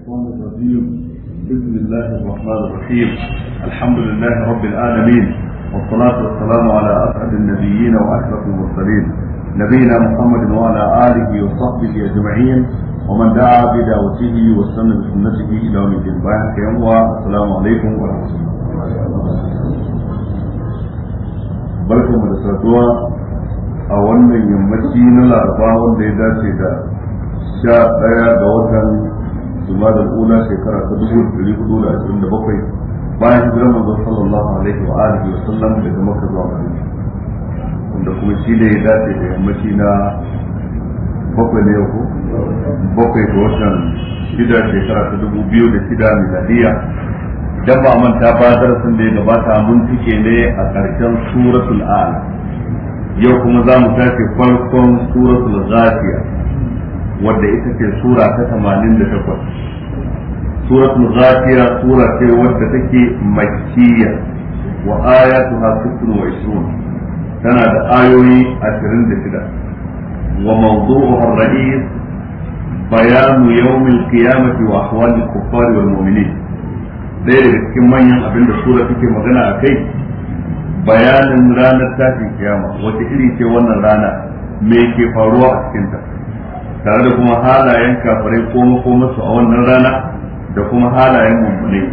الشيطان الرجيم بسم الله الرحمن الرحيم الحمد لله رب العالمين والصلاة والسلام على أسعد النبيين وأشرف المرسلين نبينا محمد وعلى آله وصحبه أجمعين ومن دعا بدعوته واستنى بسنته إلى يوم الدين بارك السلام عليكم ورحمة الله barkanmu da saduwa a wannan yammaci na laraba wanda ya dace da sha ɗaya ga watan jumadar ula shekara ta dubu da hudu da ashirin da bakwai bayan hijirar manzon sallallahu alaihi wa alihi wa sallam daga makka zuwa madina wanda kuma shi ne ya dace da yammaci na bakwai ne ko bakwai ga watan shida shekara ta dubu biyu da shida miladiya idan ba manta ba darasin da ya gabata mun tike ne a ƙarshen suratul al yau kuma za mu tafi farkon suratul ghafiya wadda ita ce sura ta 88 suratul ghafira sura ce wadda take makkiya wa ayatuha 26 tana da ayoyi 26 wa mawdu'uha ar-ra'is bayanu yawm al-qiyamati wa ahwal al-kuffar wal mu'minin daya daga cikin manyan abin da sura take magana a kai bayanin ranar tashin kiyama wata iri ce wannan rana me ke faruwa a cikinta tare da kuma halayen kafirai ko makomarsu a wannan rana da kuma halayen mummunai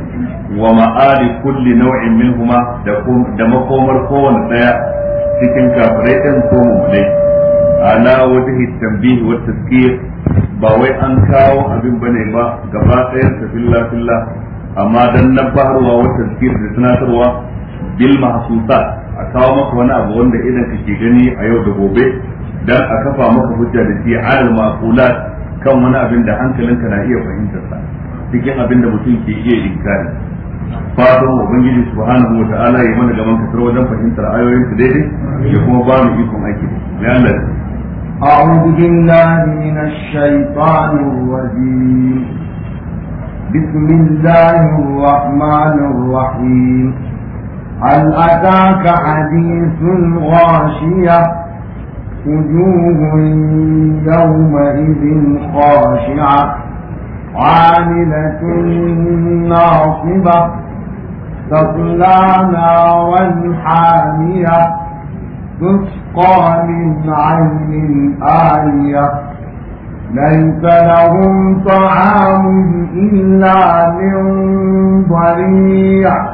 wa ma'ali kulli nau'in minhuma da makomar kowane daya cikin kafirai ɗin ko mummunai ala wajhi tambihi wa tazkir ba wai an kawo abin ba ne ba gaba ɗayan sa filla filla amma dan nabaharwa wa tazkir da tunatarwa bil mahasusa a kawo maka wani abu wanda idan kake gani a yau da gobe dan a kafa maka hujja da shi alal maqulat kan wani abin da hankalinka na iya fahimtar sa cikin abin da mutum ke iya inkari fatan ubangiji subhanahu wa ta'ala ya mana gaban kasar wajen fahimtar ayoyin su daidai ya kuma ba mu ikon aiki da Allah أعوذ بالله من الشيطان الرجيم بسم الله الرحمن الرحيم هل أتاك حديث وجوه يومئذ خاشعة عاملة ناصبة تطلع نارا حامية تسقى من عين آلية ليس لهم طعام إلا من ضريع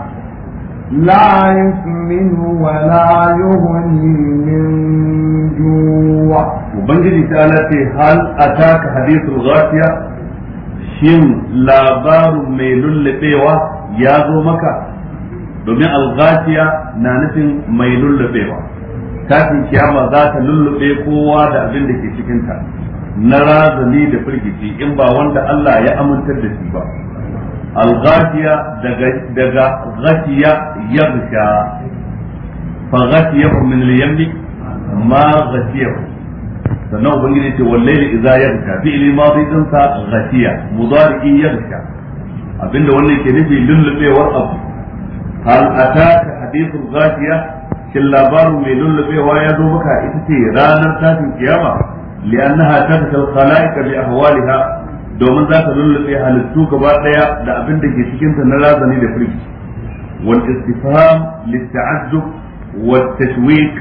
لا يسمن ولا يغني من kowa ubangiji ta ala ce hal ataka hadithul ghafiya shin labarin mai lullubewa ya zo maka domin al-ghafiya na nufin mai lullubewa kafin kiyama za ta lullube kowa da abin da ke cikinta. ta na razani da firgici in ba wanda Allah ya amintar da shi ba al-ghafiya daga daga ghafiya yaghsha fa ghafiya min al ma ghafiya sannan ubangiji ce wallahi ya yaghsha fi al-madi din sa ghashiya ya yaghsha abinda wannan ke nufi lullubewar abu hal ataka hadithul ghashiya kin labarin mai lullubewa ya zo maka ita ce ranar tashin kiyama li'annaha tadkhal khalaiqa bi ahwaliha domin za ta lullube halittu gaba daya da abin da ke cikin ta na razani da firki wal istifham lit ta'azzub wat tashwiq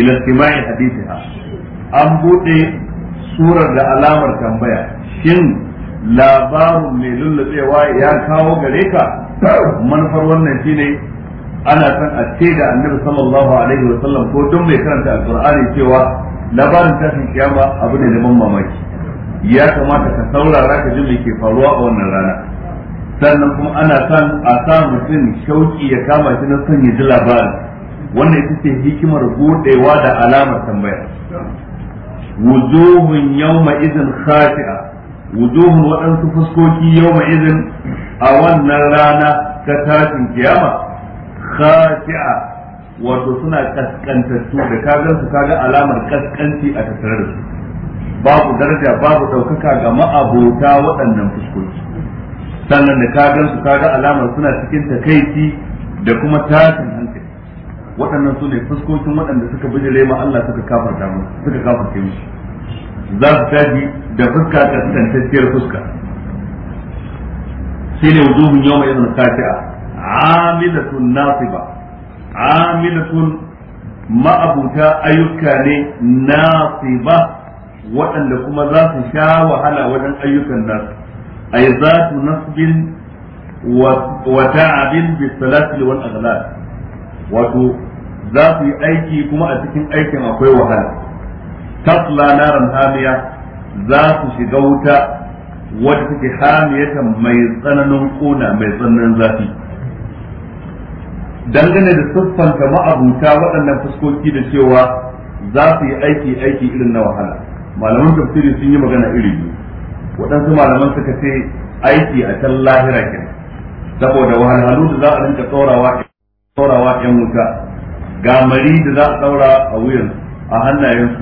ila istima'i hadithiha an buɗe surar da alamar tambaya shin labarin mai lullubewa ya kawo gare ka manufar wannan shine ana san a ce da annabi sallallahu alaihi wa sallam ko duk mai karanta alqur'ani cewa labarin tashin kiyama abu ne da mamaki ya kamata ka saurara ka ji me ke faruwa a wannan rana sannan kuma ana san a sa mutum shauki ya kama shi na son ya ji labarin wannan ita ce hikimar buɗewa da alamar tambaya wujuhun yawma idin khashi'a wujuhun waɗansu fuskoki yawma idin a wannan rana ta tashin kiyama khashi'a wato suna kaskantattu da kagar su kaga alamar kaskanci a tattare da su babu daraja babu ɗaukaka ga ma'abota waɗannan fuskoki sannan da kagar su kaga alamar suna cikin takaici da kuma tashin waɗannan su ne fuskokin waɗanda suka bijire ma Allah suka kafarta mu suka kafarta mu za su tashi da fuska ta tantacciyar fuska shi ne wujuhun yawma yawma khati'a amilatun nasiba amilatun ma'abuta ayyuka ne nasiba waɗanda kuma za su sha wahala wajen ayyukan nasu ay zatu nasbin wa ta'abin bis salati wal aghlal wato za su yi aiki kuma a cikin aikin akwai wahala tasla naran hamiya za su shiga wuta wadda take mai tsananin kona mai tsananin zafi dangane da siffanta ma'abuta waɗannan fuskoki da cewa za su yi aiki aiki irin na wahala malaman tafsiri sun yi magana iri biyu waɗansu malaman suka ce aiki a can lahira kenan saboda wahalhalu da za a rinka tsorawa saurawa yan wuta ga mari da za a ɗaura a wuyan a hannayensu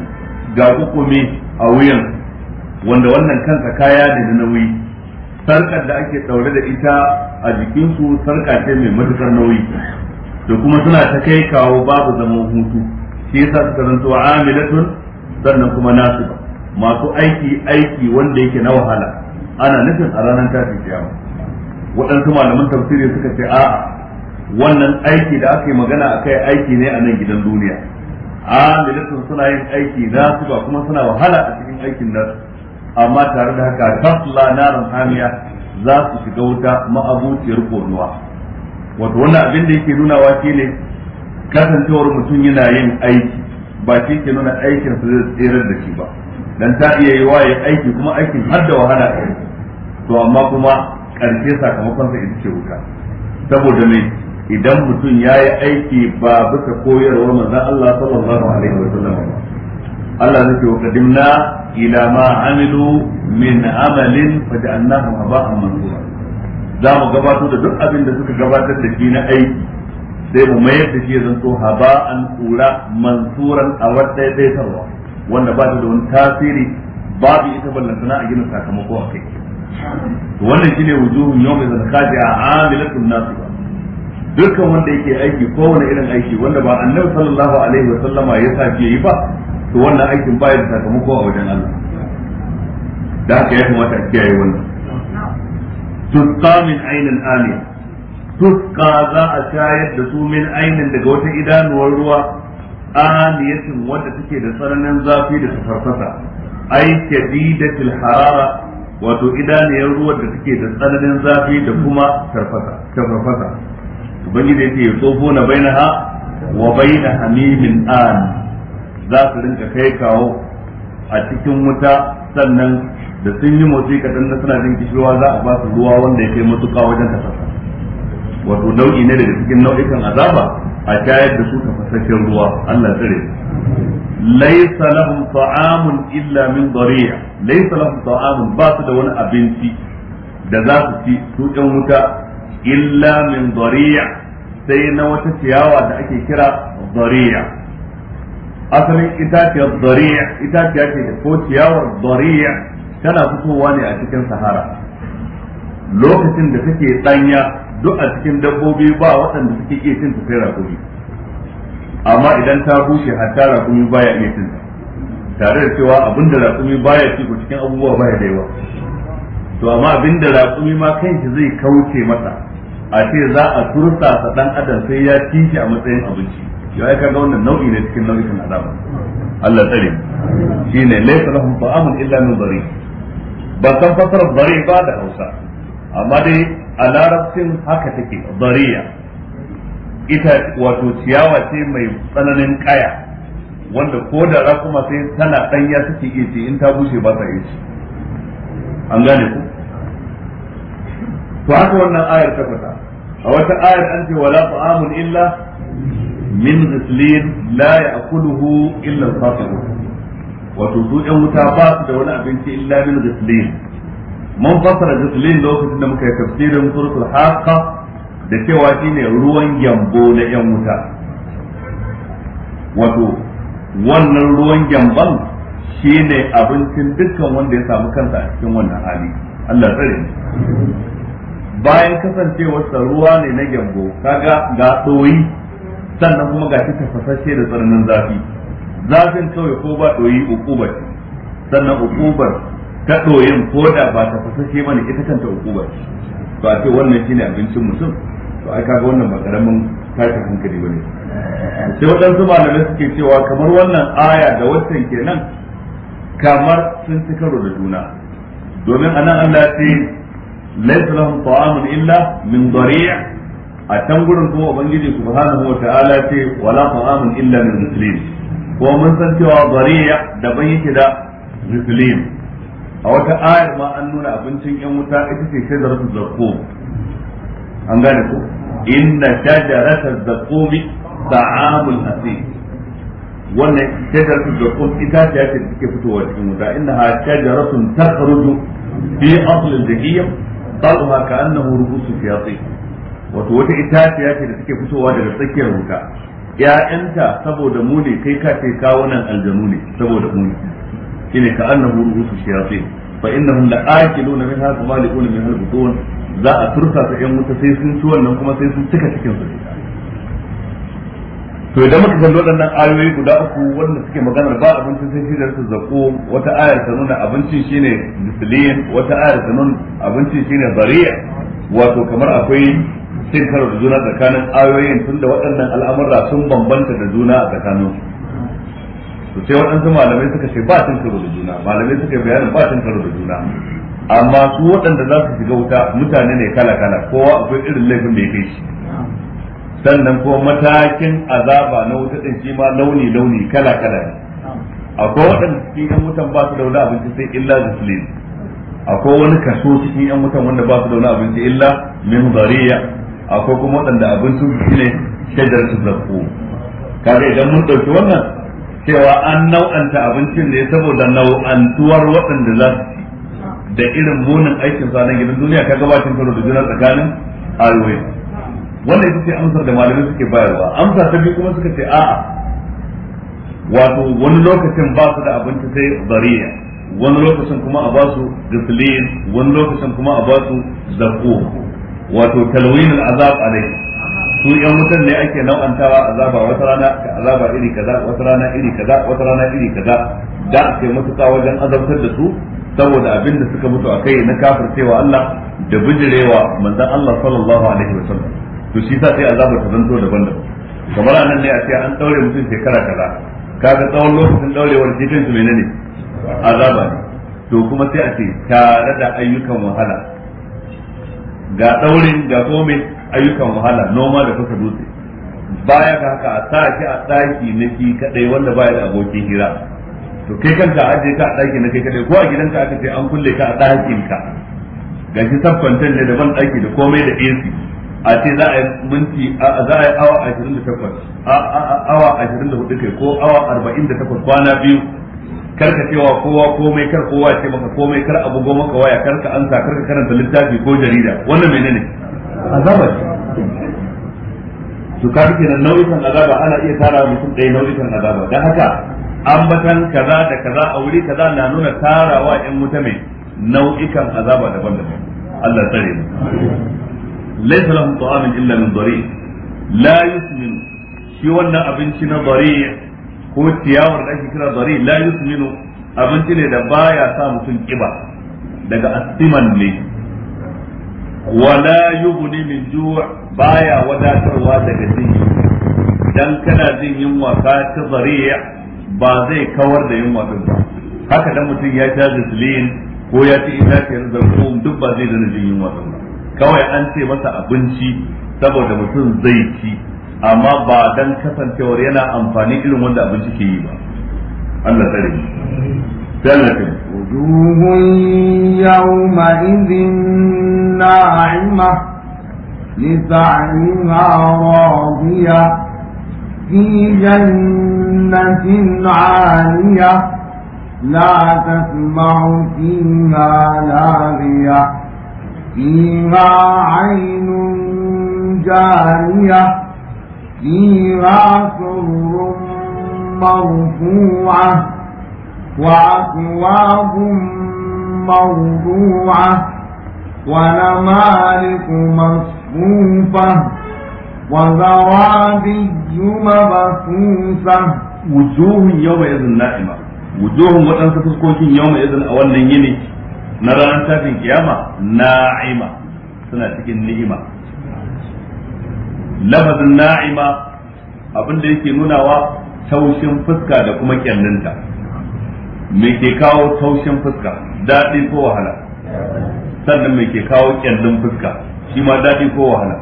ga kukume a wuyan wanda wannan kansa kaya ne da nauyi sarkar da ake ɗaure da ita a jikinsu sarka ce mai matukar nauyi da kuma suna ta kai kawo babu zaman hutu shi yasa suka zanto amilatun sannan kuma nasu masu aiki aiki wanda yake na wahala ana nufin a ranar tafi kiyama waɗansu malaman tafsiri suka ce a'a wannan aiki da aka yi magana a kai aiki ne a nan gidan duniya A amilatun suna yin aiki na su? ba kuma suna wahala a cikin aikin nan. amma tare da haka tasla na hamiya za su shiga wuta ma'abuciyar konuwa wato wannan abin da yake nunawa ne kasancewar mutum yana yin aiki ba shi ke nuna aikin su zai tsirar da shi ba dan ta iya yi wa aiki kuma aikin har da wahala to amma kuma karshe sakamakon sa ita ce wuta saboda mai idan mutum ya yi aiki ba bisa koyarwar manzon Allah sallallahu alaihi wa sallam Allah zai ce wa qadimna ila ma amilu min amalin faj'alnahu haba'an mansura za mu gabatar da duk abin da suka gabatar da shi na aiki sai mu mayar da shi ya zanto haba'an kura mansuran a wadda ya wanda ba ta da wani tasiri babu ita ballantana a gina sakamako a kai wannan shine wujuhun yawmin zakati a amilatun nasiba dukkan wanda yake aiki kowane irin aiki wanda ba annabi sallallahu alaihi wa sallama ya sa yi ba to wannan aikin baya da sakamako a wajen Allah da haka ya kamata a kiyaye wannan tusqa min ainin Ali, tusqa za a shayar da su min ainin daga wata idanuwar ruwa aliyatin wanda take da tsananin zafi da tafarfasa ai kadidatil harara wato idaniyar ruwa da take da tsananin zafi da kuma tarfasa ubangiji na yusufuna ha, wa baina hamimin an za su rinka kai kawo a cikin wuta sannan da sun yi motsi kaɗan na suna jin kishiwa za a ba su ruwa wanda ya kai matuƙa wajen fasa wato nau'i ne daga cikin nau'ikan azaba a shayar da su tafasasshen ruwa Allah tsare laysa lahum ta'amun illa min dariya laysa lahum ta'amun ba su da wani abinci da za su ci su wuta illa min dariya sai na wata ciyawa da ake kira dariya asalin itaciyar dariya itaciya ce ko ciyawar dariya tana fitowa ne a cikin sahara lokacin da take danya duk a cikin dabbobi ba waɗanda suke iya cin ta sai rakumi amma idan ta bushe hatta rakumi baya iya cin tare da cewa abin da rakumi baya ci ko cikin abubuwa baya da yawa to amma abin da rakumi ma kanshi zai kauce masa a ce za a turta sa dan adam sai ya ci shi a matsayin abinci ya ai kaga wannan nau'i ne cikin nau'ikan azaba Allah tsare shine laysa lahum ta'amun illa min bari. ba san fasara bari ba da Hausa amma dai a larabcin haka take bariya. ita wato ciyawa ce mai tsananin kaya wanda ko da ra kuma sai tana danya take iya ce in ta bushe ba ta iya ci an gane ku to haka wannan ayar ta fata a wata ayar an ce wala ta'amun illa min ghislin la ya'kuluhu illa al-khati'un wato su ɗan wuta ba su da wani abinci illa min ghislin mun fassara ghislin lokacin da muka yi tafsirin suratul haqqa da cewa shine ruwan yambo na yan wuta wato wannan ruwan gyamban shine abincin dukkan wanda ya samu kansa a cikin wannan hali Allah tsare bayan kasancewarsa ruwa ne na gyambo kaga ga ɗoyi sannan kuma ga cikin fasashe da tsananin zafi zafin kawai ko ba ɗoyi ukubar sannan ukubar ta ɗoyin ko da ba ta ba ne ita kanta ukubar ba ce wannan shine abincin mutum to ai kaga wannan ba karamin tashin hankali ne sai waɗansu malamai suke cewa kamar wannan aya da waccan kenan kamar sun ci karo da juna domin anan Allah ya ce laysa lahum ta'amun illa min dari' a can gurin kuma ubangiji subhanahu wa ta'ala ce wala ta'amun illa min muslim ko mun san cewa yake da muslim a wata ayar ma an nuna abincin yan wuta ita ce shajaratu zaqqum an gane ko inna shajaratu zaqqum ta'amul asim wannan shajaratu zaqqum ita ce take fitowa cikin wuta innaha shajaratun takhruju fi asl al-jahannam ba'uha ka'annahu rubusu fiyati wato wata itaciya ce da suke fitowa daga tsakiyar wuta ya'yanta saboda mu kai ka ce kawunan aljanu ne saboda mu ne shine ka'annahu rubusu fiyati fa innahum la'akiluna minha kamaliquna minha al-butun za a turka su yan wuta sai sun ci wannan kuma sai sun cika cikin su to idan muka kalli waɗannan ayoyi guda uku wanda suke maganar ba abincin sai shi da su zaƙo, wata ayar ta nuna abincin shine misilin wata ayar ta nuna abincin shine bariya wato kamar akwai cin karo da juna tsakanin ayoyin tunda waɗannan al'amura sun bambanta da juna a tsakanin su sai waɗansu malamai suka ce ba cin karo da juna malamai suka bayanin ba cin karo da juna amma su waɗanda za su shiga wuta mutane ne kala kala kowa akwai irin laifin da ya kai shi sannan kuma matakin azaba na wuta din shi ma launi launi kala kala ne akwai waɗanda cikin yan wutan ba su da wani abinci sai illa zaslin akwai wani kaso cikin yan wutan wanda ba su da wani abinci illa min zariya akwai kuma waɗanda abincin su ne shajar su zakku kaga idan mun ɗauki wannan cewa an nau'anta abincin ne saboda nau'antuwar waɗanda za su ci da irin munin aikin sa nan gidan duniya kaga bacin karo da juna tsakanin ayoyin wannan ita ce amsar da malamai suke bayarwa amsa ta biyu kuma suka ce a'a wato wani lokacin ba su da abinci sai bariya wani lokacin kuma a ba su gislin wani lokacin kuma a ba su zakko wato talwin al'azab alai su yan wutan ne ake nau'antawa azaba wata rana ka azaba iri kaza wata rana iri kaza wata rana iri kaza da ake mutuka wajen azabtar da su saboda abin da suka mutu a kai na kafircewa Allah da bijirewa manzon Allah sallallahu alaihi wasallam to shi sa sai azabar ta zanto daban-daban kamar anan ne a ce an daure mutum shekara kaza kaga tsawon lokacin daurewar jikin su menene azaba ne to kuma sai a ce tare da ayyukan wahala ga daurin ga kome ayyukan wahala noma da kusa dutse baya ga haka a sa ke a daki na ki kadai wanda baya da abokin hira to kai kanka a ajiye ka a daki na kai kadai ko a gidanka aka ce an kulle ka a dakin ka gashi ne daban daki da komai da AC a ce za a yi minti za a yi awa ashirin da takwas awa ashirin da hudu kai ko awa arba'in da takwas kwana biyu kar ka cewa kowa komai kar kowa ce maka komai kar abu goma ka waya kar ka ansa kar ka karanta littafi ko jarida wannan menene azaba su ka fice nan nau'ikan azaba ana iya tara mutum ɗaya nau'ikan azaba don haka ambatan kaza da kaza a wuri kaza na nuna tarawa 'yan wuta mai nau'ikan azaba daban-daban Allah tsare mu laysa lahum ta'amin illa min dari la yusmin shi wannan abinci na dari ko ciyawar da kira dari la yusminu abinci ne da baya sa mutum kiba daga asiman ne wala yughni min ju' baya wadatarwa daga jinyi dan kana jin yunwa ka ta ba zai kawar da yunwa din ba haka dan mutum ya ta zislin ko ya ci itaciyar zarqum duk ba zai zana jin yunwa din ba kawai an ce masa abinci saboda mutum zai ci amma ba dan kasancewar yana amfani irin wanda abinci ke yi ba Allah tare shi sallatu wujuhun yawma idin na'ima lisa'ima radiya fi jannatin 'aliyah la tasma'u fiha lariyah فيها عين جارية فيها سر مرفوعة وأكواب موضوعة ونمارق مصفوفة وزرابي مبثوثة وجوه يومئذ نائمة وجوه وتنسى تسكوكين يومئذ أولا يني na ranar tashin kiyama na'ima suna cikin ni'ima lafazin na'ima abinda yake nunawa taushin fuska da kuma kyallinta me ke kawo taushin fuska daɗi ko wahala sannan me ke kawo kyallin fuska shi ma daɗi ko wahala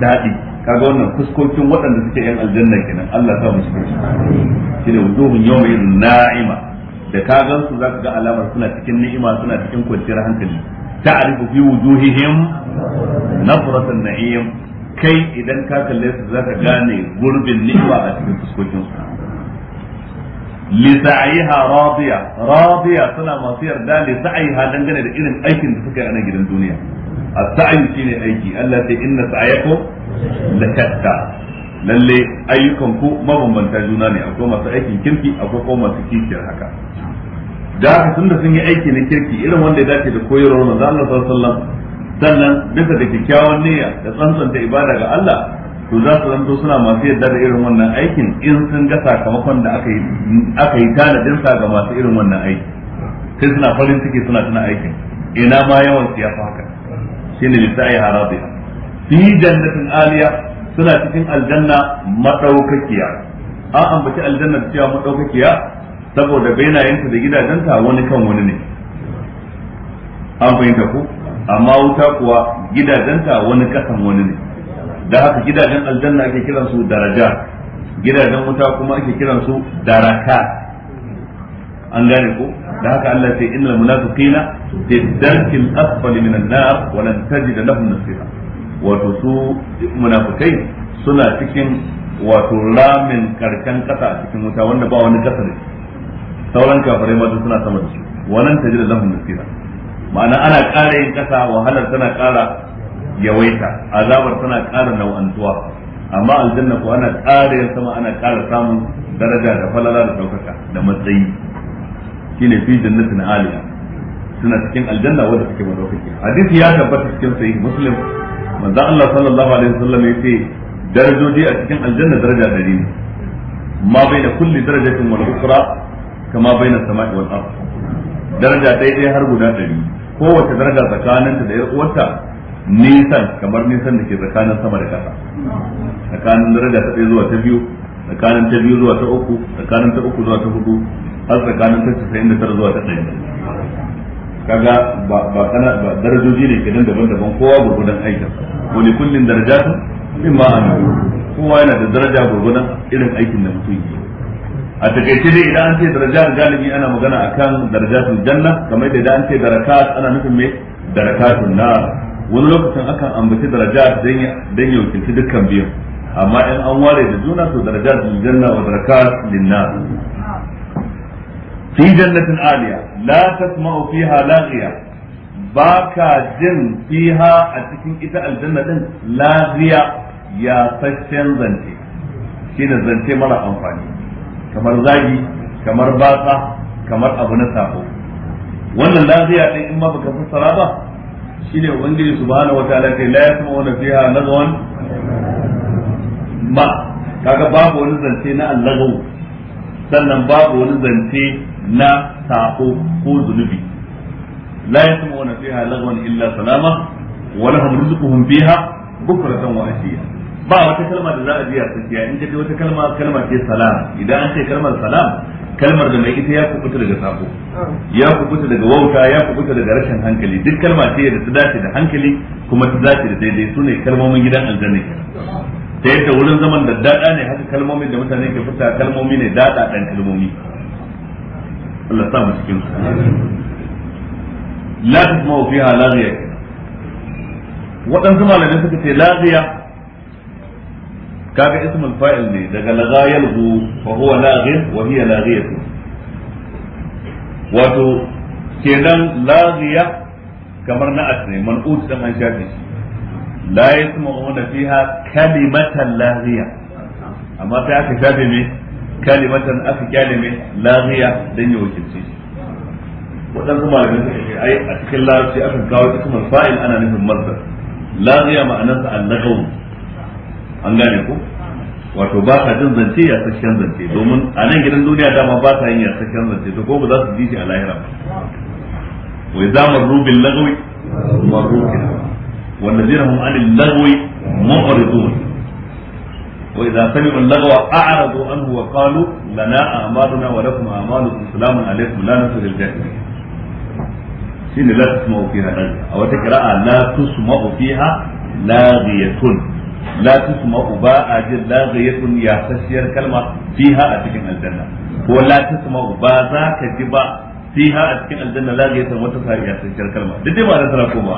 daɗi kaga wannan fuskokin waɗanda suke yan aljanna kenan Allah ta musu shi ne wujuhun yawma na'ima da ka su za ka ga alamar suna cikin ni'ima suna cikin kwanciyar hankali ta'rifu fi wujuhihim nafratan na'im kai idan ka kalle su za ka gane gurbin ni'ima a cikin fuskokin su li sa'iha radiya radiya suna masu yarda li sa'iha dangane da irin aikin da suka yi a gidan duniya as-sa'i shine aiki Allah sai inna sa'yakum la shatta lalle ayyukan ku mabambanta juna ne akwai masu aikin kirki akwai kuma masu kishiyar haka da haka tunda sun yi aiki na kirki irin wanda ya dace da koyarwar za Allah sallallahu alaihi wasallam sannan bisa da kyakkyawan niyya da tsantsanta ibada ga Allah to za su zanto suna masu yadda da irin wannan aikin in sun ga sakamakon da aka yi aka yi tanadin sa ga masu irin wannan aiki sai suna farin ciki suna tuna aikin ina ma yawan siyafa haka shine lisa'i harabiya fi jannatin aliya suna cikin aljanna madaukakiya an ambaci aljanna cewa madaukakiya saboda benayenta da gidajenta wani kan wani ne an fahimta ku amma wuta kuwa gidajenta wani kasan wani ne da haka gidajen aljanna ake kiran su daraja gidajen wuta kuma ake kiran su daraka an gane ku da haka Allah sai innal munafiqina fi asfal min an nar wa lan tajid lahum nasira wato su munafikai suna cikin wato ramin karkan kasa cikin wuta wanda ba wani kasa ne sauran kafirai ma suna sama da su wannan tajid lahum nasira ma'ana ana ƙara yin ƙasa wahalar tana ƙara yawaita azabar tana ƙara nau'antuwa amma aljanna ko ana ƙara yin sama ana ƙara samun daraja da falala da ɗaukaka da matsayi shine fi jannatin aliya suna cikin aljanna wanda suke madaukaki hadisi ya tabbata cikin sahih muslim manzo Allah sallallahu alaihi wasallam yace darajoji a cikin aljanna daraja dari ne ma bai da kulli darajatin wal ukhra kama na sama'i wal ar daraja daidai har guda ɗari kowace daraja tsakaninta da ya uwarta nisan kamar nisan da ke tsakanin sama da ƙasa tsakanin daraja ta ɗaya zuwa ta biyu tsakanin ta biyu zuwa ta uku tsakanin ta uku zuwa ta hudu har tsakanin ta casa'in da tara zuwa ta ɗaya kaga ba ba kana ba darajoji ne kenan daban-daban kowa gurgudan aikin wa kullum kullin darajatun mimma amilu kowa yana da daraja gurgudan irin aikin da mutum yi a takaice dai idan an ce daraja galibi ana magana akan darajatul janna kamar da idan an ce darakat ana nufin me darakatun na wani lokacin akan ambaci daraja dan ya wakilci dukkan biyu amma in an ware da juna to darajatul janna wa darakat linnar fi jannatin aliya la tasma'u fiha laghiya ba ka jin fiha a cikin ita aljanna din laghiya ya fashin zance shine zance mara amfani kamar zagi kamar batsa kamar abu na sako wannan lafiya din in ma baka fassara ba shine ubangiji subhanahu wataala kai la yasma'una fiha lagwan ma kaga babu wani zance na allagawu sannan babu wani zance na sako ko zunubi la yasma'una fiha lagwan illa salama wa lahum rizquhum fiha bukratan wa ashiya ba wata kalma da za a biya tsakiya in kaji wata kalma kalma ce salam idan an ce kalmar salam kalmar da mai ita ya kubuta daga sako ya kubuta daga wauta ya kubuta daga rashin hankali duk kalma ce da ta dace da hankali kuma ta dace da daidai su ne kalmomin gidan aljanna ta yadda wurin zaman da dada ne haka kalmomin da mutane ke fita kalmomi ne dada dan kalmomi Allah sa mu cikin su la tasma'u fiha laghiya waɗansu malamai suka ce laghiya kaga ismul fa'il ne daga laga yalgu fa huwa laghin wa wato kenan laghiya kamar na'at ne man'ut da man shafi la yasma'una fiha kalimatan laghiya amma sai aka shafe ne kalimatan aka kyale me dan ya wakilce waɗansu malamai suka ce ai a cikin larabci aka kawo ismul fa'il ana nufin masdar laghiya ma'anarsa al an gane ko wato ba sa jin zance ya sashen zance domin a nan gidan duniya dama ba ta yin ya sashen zance to ko ba za su ji shi a lahira ba wai za mu rubin lagawi marukin wanda zai rahun anil lagawi mafaridun wa idza sami'u al-lagwa a'radu anhu wa qalu lana a'maluna wa lakum a'malukum salamun alaykum la nasrul jahilin shine la tusma'u fiha a wata qira'a la tusma'u fiha laghiyatun la tusma'u ba'ajin laghiyatun ya tasiyar kalma fiha a cikin aljanna ko la tusma'u ba za ka ji ba fiha a cikin aljanna laghiyatun wata ya tasiyar kalma duk dai ba da tara ko ba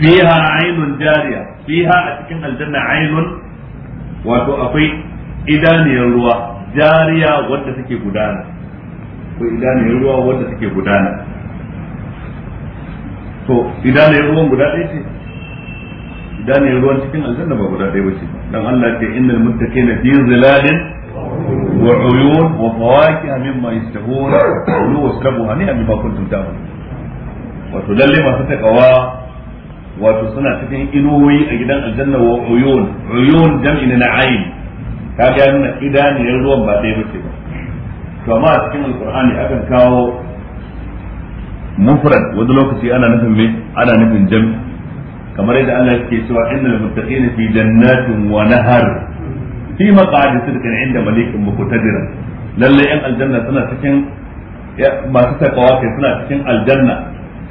fiha ainun jariya fiha a cikin aljanna ainun wato akwai idaniyar ruwa jariya wanda take gudana ko idaniyar ruwa wanda take gudana to idaniyar ruwan guda ɗaya ce daniyar ruwan cikin aljanna ba guda ɗaya bace dan Allah ce innal muttaqina fi zilalin wa uyun wa fawakiha mimma yashtahun kulu washrabu hani'an bima kuntum ta'malun wato lalle masu takawa wato suna cikin inuwoyi a gidan aljanna wa uyun uyun jam'i na ayn ka ga nuna idaniyar ruwan ba ɗaya bace ba to amma a cikin alqur'ani akan kawo mufrad wani lokaci ana nufin me ana nufin jam'i kamar yadda Allah yake cewa innal muttaqina fi jannatin wa nahar fi maq'adi sidqin inda malikin muqtadirin lalle yan aljanna suna cikin masu sakawa kai suna cikin aljanna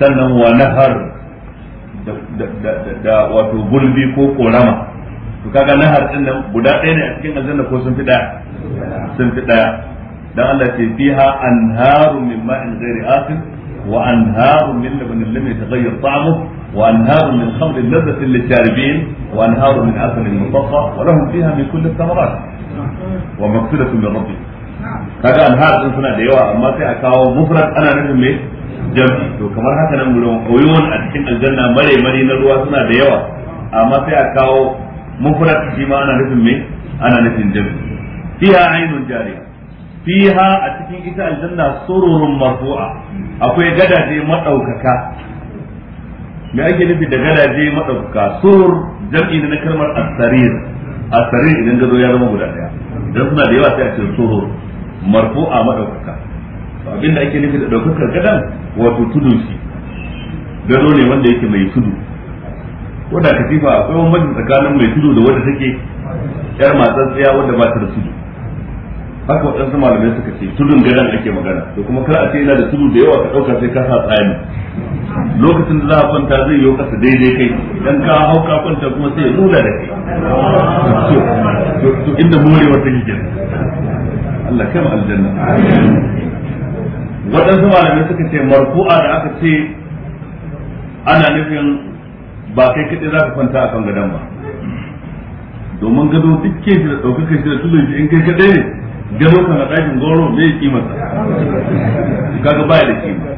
sannan wa nahar da wato gulbi ko korama to kaga nahar din nan guda ɗaya ne a cikin aljanna ko sun fi ɗaya sun fi ɗaya dan Allah ce fiha anharu min ma'in ghairi asin وانهار من لبن لم يتغير طعمه وانهار من خمر لذة للشاربين وانهار من عسل مطفى ولهم فيها من كل الثمرات ومغفرة من ربي هذا انهار ان سنة ديوة اما سيأكاو مفرد انا نجم ليه لو وكما حتى نقول عيون الحين الجنة مري مري نروا سنة ديوة اما سيأكاو مفرد فيما انا نجم ليه انا نجم جمع فيها عين جارية فيها أتكين إتا الجنة سرور مرفوعة akwai gadaje madaukaka me ake nufi da gadaje madaukaka sur jam'i na kalmar asarir asarir idan gado ya zama guda daya dan suna da yawa sai a ce surur marfu'a madaukaka to abinda ake nufi da daukakar gadan wato tudu shi gado ne wanda yake mai tudu ko da katifa akwai wani tsakanin mai tudu da wanda take yar matsatsiya wanda ba ta da tudu haka waɗansu malamai suka ce tudun gadan ake magana to kuma kar a ce yana da tudu da yawa ka ɗauka sai ka sa tsani lokacin da za a kwanta zai yi kasa daidai kai dan ka hau ka kwanta kuma sai ya nuna da kai to inda morewa ta yi Allah kai aljanna waɗansu malamai suka ce marfu'a da aka ce ana nufin ba kai kaɗai za ka kwanta a kan gadon ba domin gado duk ke shi da ɗaukakar shi da tulun shi in kai kaɗai ne gano kan ɗakin goro me ya kima kaga baya da kima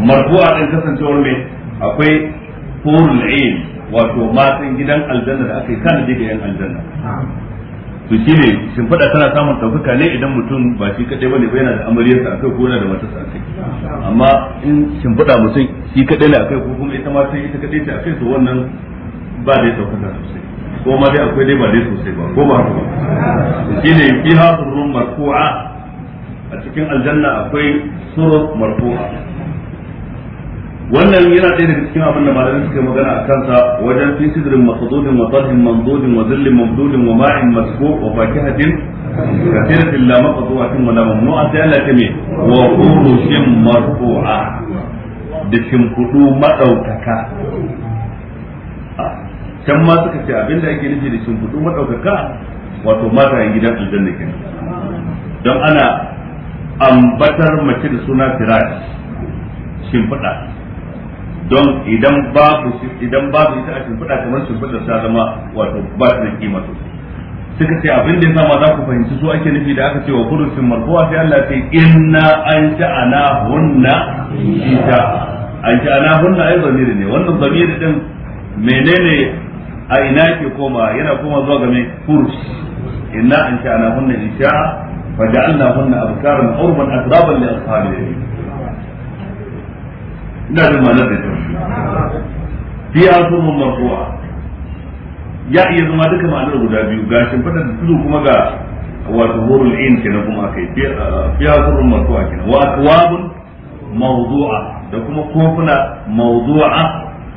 a din kasancewar me akwai hurul ain wato matan gidan aljanna da aka yi kana diga yan aljanna to shine shimfiɗa tana samun ɗaukaka ne idan mutum ba shi kaɗai bane ba yana da amaryarsa kai ko yana da matarsa kai. amma in shimfiɗa mutum shi kaɗai ne a kai ko kuma ita ma sai ita kaɗai ce kai to wannan ba da ya ɗaukaka sosai ko ma dai akwai dai ba dai sosai ba ko ba haka ba shine fiha surrun marfu'a a cikin aljanna akwai surur marfu'a wannan yana ɗaya daga cikin abin da malamai suka magana a kansa wajen fi sidrin masududin wa tarhin mamdudin wa zillin mamdudin wa ma'in masbu wa fakihatin kasiratin la maqdu'atin wa la mamnu'a sai Allah ta me wa furushin marfu'a da shimfudu madaukaka can ma suka ce da ake nufi da shimfiɗu maɗaukaka wato matayen gidan aljanna ke. don ana ambatar mace da suna firash shimfiɗa don idan babu idan babu ita a shimfiɗa kamar shimfiɗar ta zama wato ba ta da kima sosai suka ce abin da ya sama za ku fahimci su ake nufi da aka ce wa kudu sun marfuwa sai Allah ce inna an sha'ana hunna ita an sha'ana hunna ai zamiri ne wannan zamiri din menene a ina ke koma yana koma zuwa ga mai furus inna an sha ana hunna insha fa ja'alna hunna abkaran urban atraban li ashabi ina da ma'anar da fi mun marfu'a ya iya zama duka ma'anar guda biyu gashin fata da tudu kuma ga wato hurul in kenan kuma kai. fi asumun marfu'a kenan wa akwabun mawdu'a da kuma kofuna mawdu'a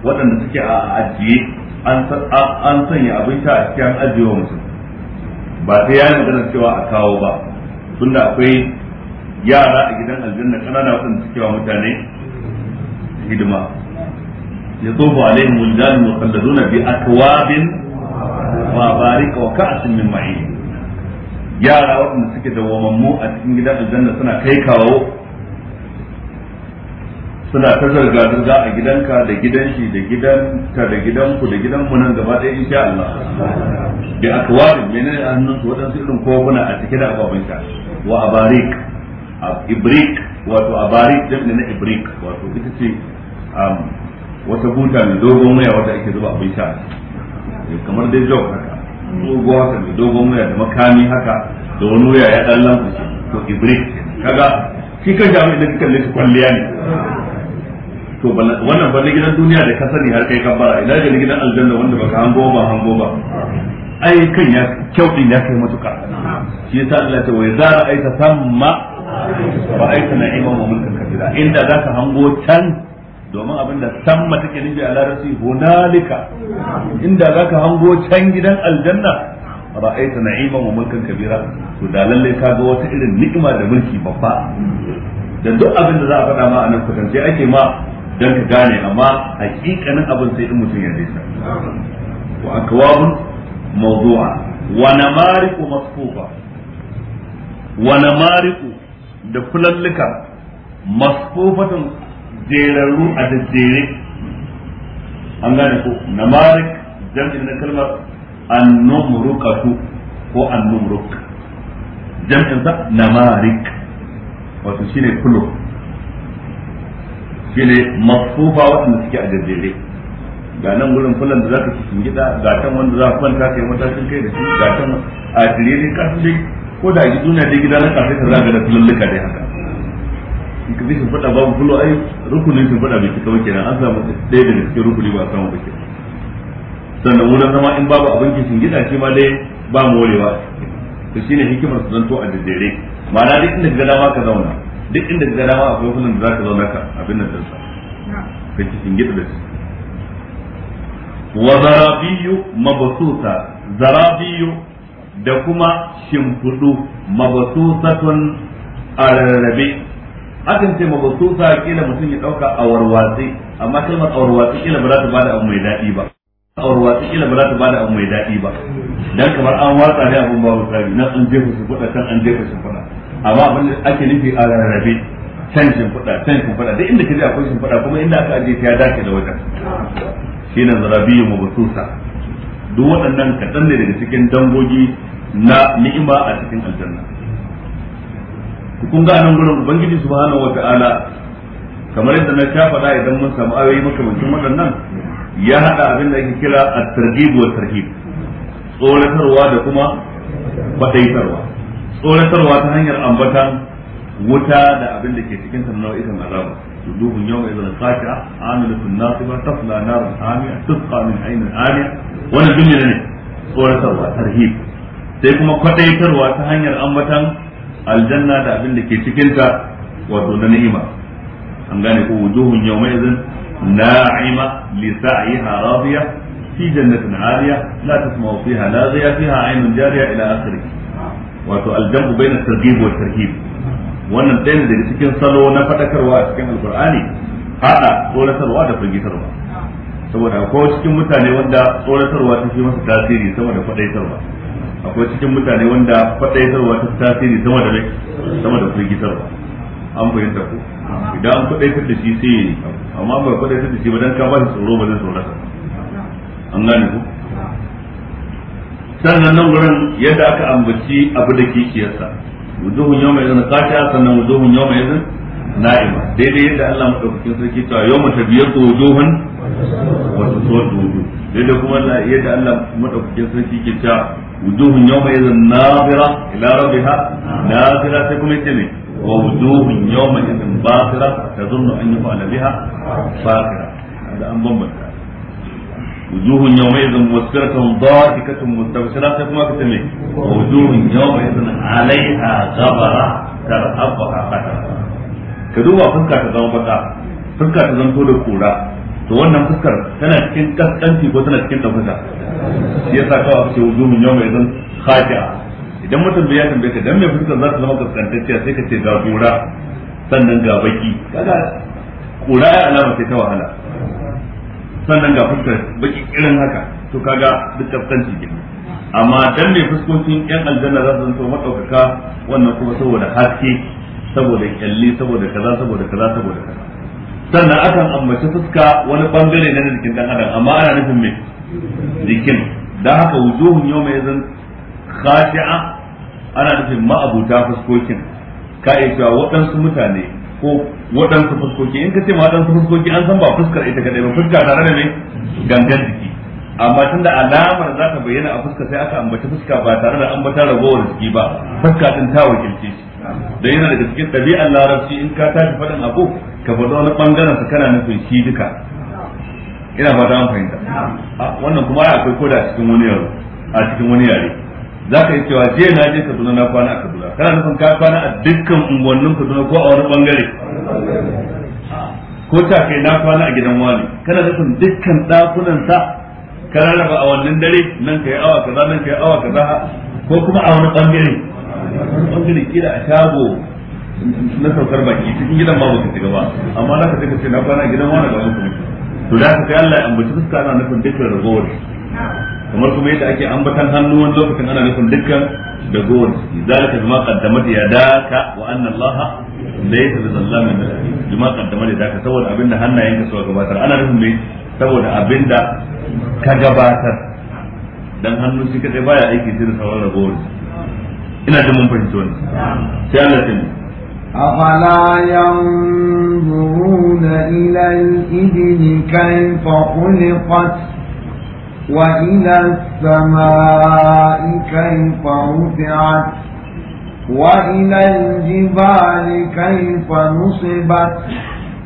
waɗanda suke a ajiye an sanya abin sha a cikin ajiyewa mutum ba ta yana magana cewa a kawo ba tunda akwai yara a gidan aljanna kanana waɗanda suke wa mutane hidima ya tsofa alaihim wuldan mukhalladuna bi akwabin wa barika wa ka'sin min ma'in yara waɗanda suke dawwamammu a cikin gidan aljanna suna kai kawo suna ta zarga zarga a gidanka da gidan shi da gidan ta da gidan ku da gidan mu nan gaba ɗaya insha Allah bi akwarin menene a hannun su waɗansu irin kofuna a cike da ababen sha wa abarik ibrik wato abarik din na ibrik wato ita ce wata buta mai dogon waya wata ake zuba abin sha eh, kamar dai jok haka dogon haka mai dogon waya da makami haka da wani waya ya ɗan lamfashi to ibrik kaga shi kan jami'in da kalle lissu kwalliya ne to wannan ba na gidan duniya da ka sani har kai kabbara ina ga gidan aljanna wanda ba ka hango ba hango ba ai kan ya kyautin ya kai matuka shi yasa Allah ta wai zara ai ta samma ba ai ta na'ima wa mulkan kabira inda ka hango can domin abin da samma take nufi a larabci hunalika inda ka hango can gidan aljanna ra'aita na'iman wa mulkan kabira to da lalle ka ga wata irin ni'ima da mulki babba da duk abin da za a faɗa ma a nan kwatance ake ma don ka gane amma hakikanin abin sai in mutum ya sa wa akwabun mawdu'a wa namariku masfufa wa namariku da kulallika masfufatun jerarru a jere an gane ko namarik jam'in na kalmar annumrukatu ko annumruk jam'in sa namarik wato shine kullu shine masfufa waɗanda suke a jajjere ga nan gurin fulan da ka cikin gida ga can wanda za ka kwanta kai matashin kai da shi ga can a tiriri kasu dai ko da gidu na dai gida na kafe ka zaga da tulallika dai haka in ka zai faɗa babu fulo ai rukunin sun faɗa bai cika ba kenan an samu ɗaya daga cikin rukuni ba a samu ba kenan sannan wurin zama in babu abin kishin gida shi ma dai ba morewa to shine hikimar su zanto a jajjere ma'ana duk inda ka ga dama ka zauna duk inda ka dama akwai hulun da za ka zauna ka abin nan dinsa ka ci singit da shi wa zarabiyu mabsuta zarabiyu da kuma shimfudu mabsusatun ararrabe akan ce mabsuta kila mutum ya dauka a warwatsi amma kalmar a warwatsi kila ba za ta bada abu mai daɗi ba a warwatsi kila ba za ta bada abu mai daɗi ba dan kamar an watsa ne abun babu tsari na an jefa su fada can an jefa su fada amma abin da ake nufi a rarrabe can shimfiɗa can shimfiɗa duk inda kaje akwai shimfiɗa kuma inda aka ajiye ya dace da wajen ne zarabiyu mabsusa duk waɗannan kaɗan ne daga cikin dangogi na ni'ima a cikin aljanna kun ga nan gurin ubangiji subhanahu wata'ala kamar yadda na sha faɗa idan mun samu ayoyi makamancin waɗannan ya haɗa abin da ake kira at-targhib wa tarhib tsoratarwa da kuma faɗaitarwa tsoratarwa ta hanyar ambatan wuta da abin da ke cikin ta nau'ikan azaba wujuhun yawma idhan khashi'a amilatun nasiba tasla naran hamiya tusqa min aynin aniya wannan duk ne tsoratarwa tarhib sai kuma kwadaitarwa ta hanyar ambatan aljanna da abin da ke cikin ta wato da ni'ima an gane ko wujuhun yawma izin. na'ima li sa'iha radiya fi jannatin 'aliya la tasma'u fiha laghiya fiha 'aynun jariya ila akhirih wato aljamu bainar targhib wa tarhib wannan ɗaya da cikin salo na faɗakarwa a cikin alkur'ani haɗa tsoratarwa da firgitarwa saboda akwai cikin mutane wanda tsoratarwa ta fi masa tasiri sama da faɗaitarwa akwai cikin mutane wanda faɗaitarwa ta tasiri sama da sama da firgitarwa an fahimta ko idan an faɗaitar da shi sai amma ba faɗaitar da shi ba dan ka ba shi tsoro ba zai tsorata an gane ku sannan nan wurin yadda aka ambaci abu da kikiyarsa wujuhun yawma idan qati'a sannan yau mai idan na'ima daidai yadda Allah madaukakin sarki ta su wuduhun wujuhun so tusawwatu wudu daidai kuma yadda Allah madaukakin sarki ke ta yau mai idan nafira ila ha nafira sai kuma ce ne wa yau mai idan basira tazunnu an fa'ala biha basira da an bambanta wujuhun yawmaizin musfiratun dhatikatun mustabshira sai kuma kace me wujuhun yawmaizin alaiha ghabara tarhaqa qatar ka duba fuska zama baka fuska ta zanto da kura to wannan fuskar tana cikin kaskanci ko tana cikin dafuka shi yasa idan mutum ya bai ka dan me fuskar za ta zama kaskantacciya sai ka ce ga kura sannan ga baki kaga kura ya alama ce ta wahala sannan ga fuskar baki irin haka to kaga duk tafsanci ke amma dan mai fuskokin yan aljanna za su zanto madaukaka wannan kuma saboda haske saboda kyalli saboda kaza saboda kaza saboda kaza sannan akan ambaci fuska wani bangare na jikin dan adam amma ana nufin me jikin dan haka wujuhun mai zan khati'a ana nufin ma'abuta fuskokin ka iya cewa waɗansu mutane ko waɗansu fuskoki in ka ce ma waɗansu fuskoki an san ba fuskar ita kadai ba fuska tare da mai gangan jiki amma tun da alamar za ta bayyana a fuska sai aka ambaci fuska ba tare da ambata ragowar jiki ba fuska din ta wakilce shi da yana daga cikin ɗabi'ar larabci in ka tashi faɗin abu ka faɗi wani ɓangaren sa kana nufin shi duka ina fata an fahimta wannan kuma akwai koda cikin wani yaro a cikin wani yare za ka yi cewa je na je kaduna na kwana a kaduna kana nufin ka kwana a dukkan unguwannin kaduna ko a wani bangare ko ta kai na kwana a gidan wani kana nufin dukkan dakunan sa ka rarraba a wannan dare nan kai awa kaza nan kai awa kaza ko kuma a wani bangare wani bangare kila a shago na saukar baki cikin gidan babu ka shiga ba amma na ka ce na kwana a gidan wani ga wani to da ka kai Allah ya ambaci fuska na nufin dukkan ragowar kamar kuma yadda ake ambatan hannu wani lokacin ana nufin dukkan da gowar ciki zalika bima qaddamat yadaka wa anna allaha laysa bizallamin lil abid bima qaddamat yadaka saboda abinda hannayenka suka gabatar ana nufin me saboda abinda ka gabatar dan hannu shi kadai baya aiki sai da sauran ragowar ina da mun fahimci wannan sai Allah ya أفلا ينظرون إلى الإبل كيف خلقت وإلى السماء كيف رفعت وإلى الجبال كيف نصبت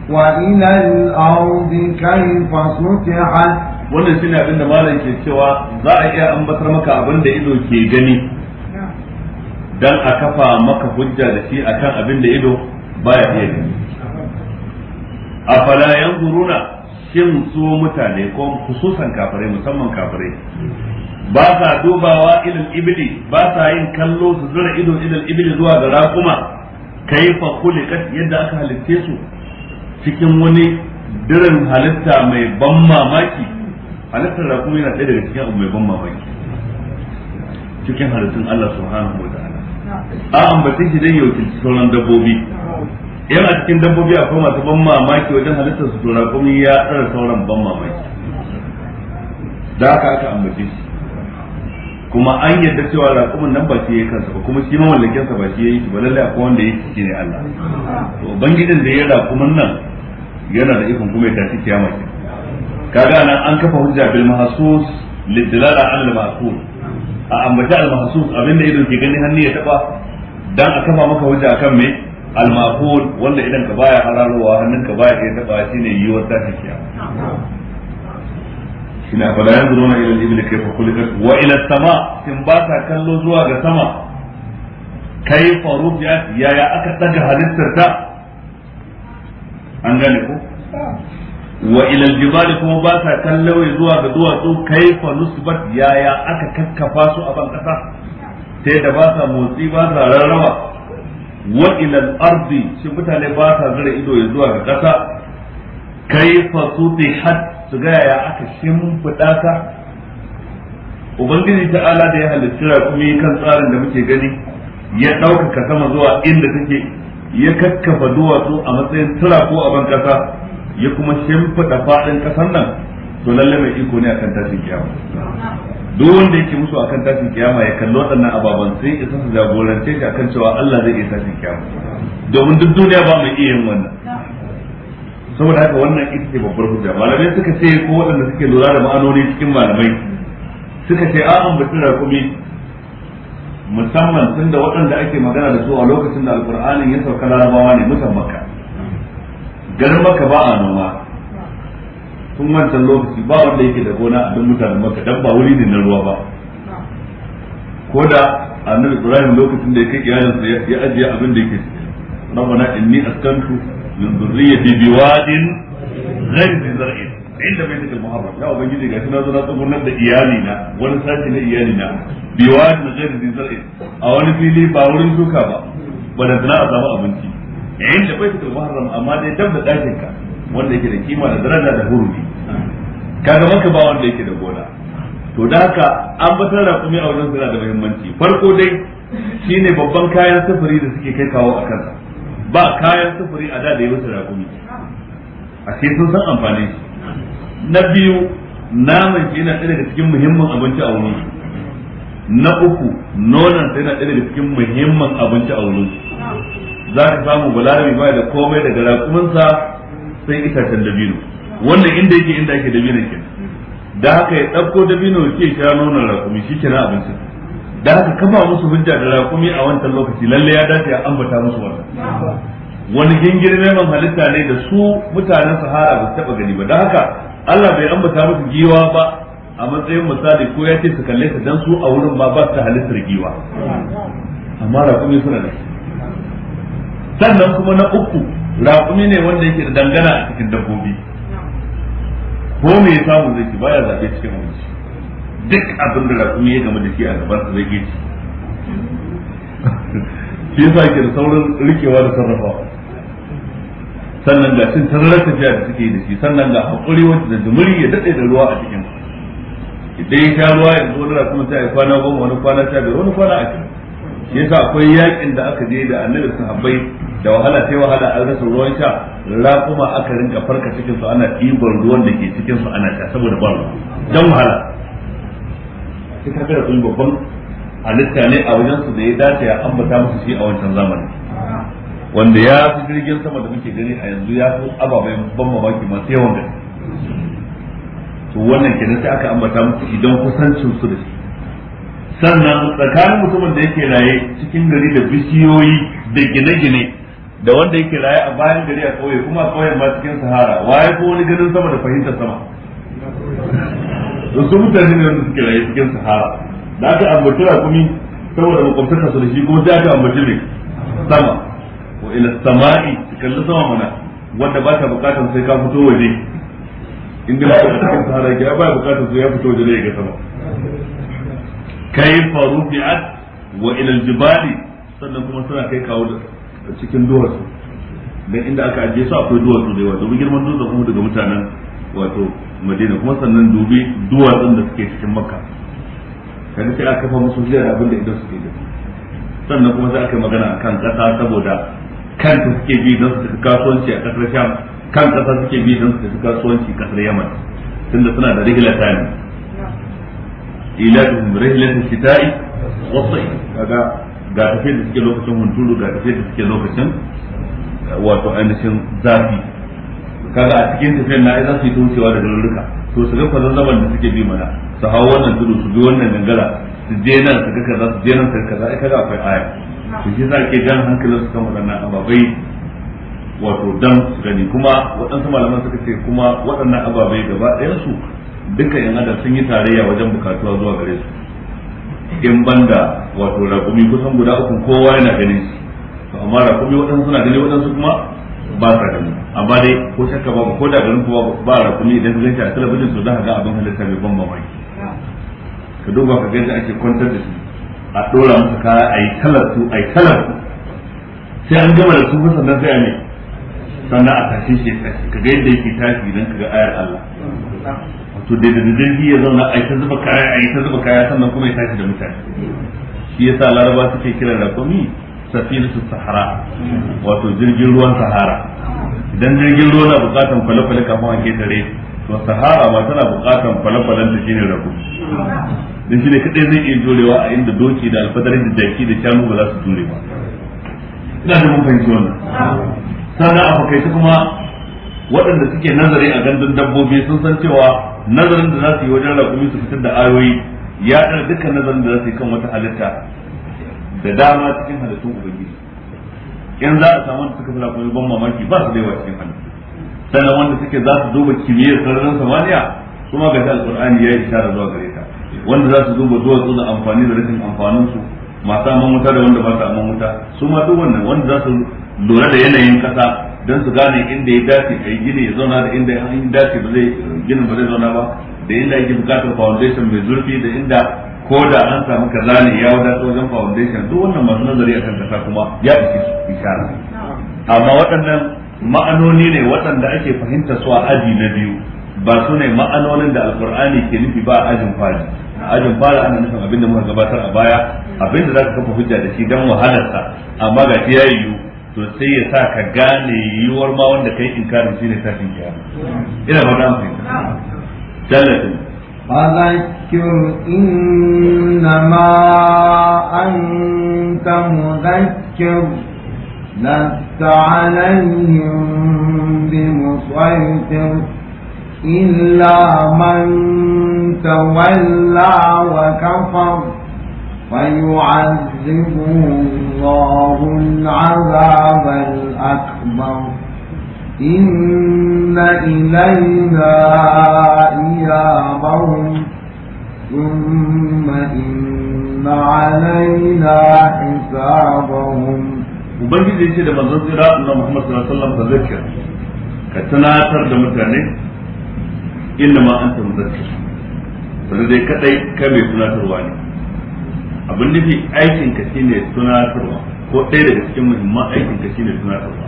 وإلى الأرض كيف سطحت wannan shine abin da malam ke cewa za a iya ambatar maka abin da ido ke gani dan a kafa maka hujja da shi akan abin da ido baya iya gani afala yanzuruna shin su mutane ko hususan kafirai musamman kafirai ba sa dubawa ilil ibili ba sa yin kallo su zura ido ilil ibili zuwa ga raƙuma kaifa khuliqat yadda aka halitte su cikin wani dirin halitta mai ban mamaki halittar rakuma yana ɗaya daga cikin abu mai ban mamaki cikin halittun Allah subhanahu wa ta'ala a ambace shi dan yau sauran dabbobi yan a cikin dabbobi akwai masu ban mamaki wajen halittar su tona kuma ya tsara sauran ban mamaki da haka aka ambace shi kuma an yadda cewa raƙumin nan ba shi yayi kansa ba kuma shi mawallakin sa ba shi yayi ba lalle akwai wanda yake shi ne Allah to ubangijin da ya raƙumin nan yana da ikon kuma ya tashi kiyama ke kaga nan an kafa hujja bil mahsus lidlala ala al ma'qul a ambata al mahsus abinda idan ke gani hannu ya taba dan a kafa maka hujja akan me al wanda idan ka baya hararowa hannun ka baya iya taba shine yiwuwar tashin kiyama shine fa la yanzuruna ila al-ibli kayfa khuliqat wa ila as-sama in ba ta kallo zuwa ga sama kayfa rufi'at yaya aka daga halittar ta an gane ko wa ila al-jibali kuma ba ta kallo zuwa ga duwatsu kayfa nusbat yaya aka kakkafa su a ban kasa sai da ba sa motsi ba sa rarrawa wa ila ardi shi mutane ba sa zira ido ya zuwa ga kasa kai fa su ga ya aka shimfiɗa ta ubangiji ta'ala da ya halitta rakumi kan tsarin da muke gani ya ɗaukaka sama zuwa inda take ya kakkafa duwatsu a matsayin tura ko a ban ƙasa, ya kuma shimfiɗa faɗin ƙasar nan to lalle mai iko ne akan tashin kiyama duk wanda yake musu akan tashin kiyama ya kalli waɗannan ababan sai isa su jagorance shi akan cewa Allah zai iya tashin kiyama domin duk duniya ba mai iya yin wannan saboda haka wannan ita ce babbar hujja malamai suka ce ko waɗanda suke lura da ma'anoni cikin malamai suka ce a an batun rakumi musamman tunda waɗanda ake magana da su a lokacin da alƙur'anin ya sauka larabawa ne musamman ka garin maka ba a noma Sun wancan lokaci ba wanda yake da gona a duk mutanen maka dan ba wuri ne na ruwa ba ko da annabi ibrahim lokacin da ya kai iyalinsa ya ajiye abin da yake rabbana inni askantu min dhurriyyati biwadin ghayr zar'in inda bai take muharram ya ubangiji ga na zo na tsugunar da iyali na wani sashi na iyali na biwadin ghayr zar'in a wani fili ba wurin duka ba balantana a samu abinci yayin da bai take muharram amma dai dabba da dakin ka wanda yake da kima da daraja da hurumi kaga maka ba wanda yake da gona to da haka an ba tara kuma a wurin suna da muhimmanci farko dai shine babban kayan sufuri da suke kai kawo a kansa ba kayan sufuri a da da yawan kuma a cikin sun san amfani na biyu naman shi yana ɗaya daga cikin muhimmin abinci a wurin na uku nonon sai yana da daga cikin muhimmin abinci a wurin za ka samu balarabi ba da komai daga rakuminsa sai itacen dabino wannan inda yake inda ake dabino kenan da haka ya ɗauko dabino ke ya nonon rakumi shi na abincin da haka kafa musu hujja da rakumi a wancan lokaci lalle ya dace a ambata musu wannan wani gingirme man halitta ne da su mutanen sahara ba su taba gani ba da haka Allah bai ambata musu giwa ba a matsayin misali ko ya ce su kalle ta dan su a wurin ma ba su da halittar giwa amma rakumi suna da sannan kuma na uku raƙumi ne wanda yake da dangana a cikin dabbobi ko me ya samu zai ci baya zabe cikin abinci duk abin da raƙumi ya gama da shi a gaban sa zai ci shi yasa ke da saurin rikewa da sarrafawa sannan ga cin tazarar tafiya da suke da shi sannan ga haƙuri wacce da jumuri ya daɗe da ruwa a cikin idan ya sha ruwa yanzu wani raƙumi sai ya kwana goma wani kwana sha biyar wani kwana a cikin shi yasa akwai yakin da aka je da annabi sahabbai da wahala sai wahala an rasa ruwan sha kuma aka rinka farka cikin su ana ɗiban ruwan da ke cikin su ana sha saboda ba ruwa dan wahala sai ka ga babban halitta ne a wajen su da ya dace ya ambata musu shi a wancan zamani wanda ya fi jirgin sama da muke gani a yanzu ya fi ababen ban mamaki masu yawan gani to wannan kenan sai aka ambata musu idan kusancin su da shi sannan tsakanin mutumin da yake raye cikin gari da bishiyoyi da gine-gine da wanda yake raye a bayan gari a kauye kuma kauyen ba cikin sahara waye ko wani ganin sama da fahimtar sama da su mutane ne wanda suke raye cikin sahara da aka ambaci rakumi saboda makwabtaka su da shi kuma sai aka ambaci ne sama wa ila sama'i kalli sama mana wanda ba ta bukatar sai ka fito waje inda ba ta cikin sahara ke ba bukatar sai ya fito waje ne ga sama faru rubi'at wa ila al-jibali sannan kuma suna kai kawo da a cikin duwatsu don inda aka ajiye su akwai duwatsu da yawa domin girman dutsen kuma daga mutanen wato madina kuma sannan dubi duwatsun da suke cikin makka kaga sai aka kafa musu zai abin da idan suke gani sannan kuma sai aka magana kan kasa saboda ta suke bi don su tafi kasuwanci a kasar sham kan kasa suke bi don su tafi kasuwanci kasar yaman tunda suna da rigila ta ne rigila ta shita'i wasu sayf kaga ga tafiyar da suke lokacin hunturu ga tafiyar da suke lokacin uh, wato ainihin zafi kaga a cikin tafiyar na za su yi wucewa da rurruka to su ga kwazazzaban da suke bi mana su hau wannan tudu su bi wannan dangara su je nan su ga kaza su je nan su ga kaza ai kaga akwai aya to za yasa ke jan hankalin su kan waɗannan ababai wato dan su gani kuma waɗansu malaman suka ce kuma waɗannan ababai gaba ɗayan su duka yan adam sun yi tarayya wajen bukatuwa zuwa gare su in banda wato rakumi kusan guda uku kowa yana ganin shi to amma rakumi waɗansu suna gani waɗansu kuma ba sa gani amma dai ko shakka ba ko da garin kuma ba rakumi idan ka ganshi a talabijin to za ka ga abin halitta mai ban mamaki ka duba ka ganta ake kwantar da shi a ɗora masa kaya a yi talar su a yi sai an gama da su sannan sai a ne sannan a tashi shi ka ga yadda yake tashi idan ka ga ayar Allah to da da ya zauna a ta zuba kaya a yi ta zuba kaya sannan kuma ya tashi da mutane shi yasa laraba suke kiran Safin su sahara wato jirgin ruwan sahara idan jirgin ruwa na bukatan kwale-kwale kafin a dare. to sahara ma tana bukatan kwale-kwalen da shine rakumi dan shine kadai zai iya jurewa a inda doki da alfadarin da jaki da shanu ba za su jure ba ina da mun fahimci wannan sannan a fakaice kuma waɗanda suke nazari a gandun dabbobi sun san cewa nazarin da za su yi wajen rakumi su fitar da ayoyi ya ɗara dukkan nazarin da za su yi kan wata halitta da dama cikin halittun ubangiji in za a samu da suka fi raƙumi ban mamaki ba su da cikin halittu sannan wanda suke za su duba kimiyyar sararin samaniya su ma gashi alƙur'ani ya yi ishara zuwa gare ta wanda za su duba zuwa da amfani da rashin amfaninsu masu aman wuta da wanda ba su aman wuta su ma duk wannan wanda za su lura da yanayin ƙasa don su gane inda ya dace kai gini ya zauna da inda ya dace ba zai ginin ba zai zauna ba da inda yake bukatar foundation mai zurfi da inda ko da an samu kaza ne ya wadatar wajen foundation duk wannan masu nazari akan kasa kuma ya fi ishara amma waɗannan ma'anoni ne waɗanda ake fahimta su a aji na biyu ba su ne ma'anonin da alkur'ani ke nufi ba a ajin fari a ajin fari ana nufin abinda muka gabatar a baya abinda za ka kafa hujja da shi don wahalarsa amma ga ya yiwu to sai ya sa ka gane yiwuwar ma wanda kai inkarin ne tashin kiyama ina ba da amfani jallatin فذكر إنما أنت مذكر لست عليهم بمسيطر إلا من تولى وكفر فيعذب يعذبه الله العذاب الأكبر إن إلينا إيابهم ثم إن علينا حسابهم ubangiji ya ce da manzon tsira Allah Muhammad sallallahu alaihi wasallam ka tunatar da mutane inna ma anta muzakkir sai dai kadai ka mai tunatarwa ne abin nufi aikin ka shine tunatarwa ko ɗaya daga cikin muhimman aikin ka shine tunatarwa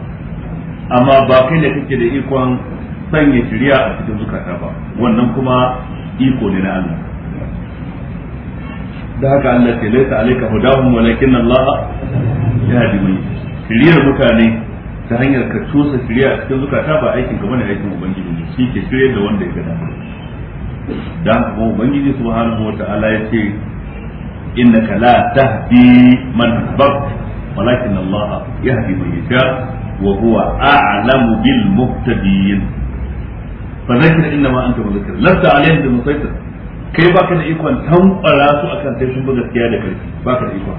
amma ba kai ne kake da ikon sanya shirya a cikin zukata ba wannan kuma iko ne na Allah da haka Allah ke laisa alaika hudahum walakin Allah yahdi man shiriyar mutane ta hanyar ka tusa shiriya a cikin zukata ba aikin ka bane aikin ubangiji ne shi ke shirye da wanda ya gada dan kuma ubangiji subhanahu wataala ya ce innaka la tahdi man ahbabta walakin Allah yahdi man yasha wa huwa a'lamu bil muhtadin fadhakir innama anta mudhakkir lasta alayhim bi musaytir kai baka da ikon tankwara su akan sai sun da kai da ikon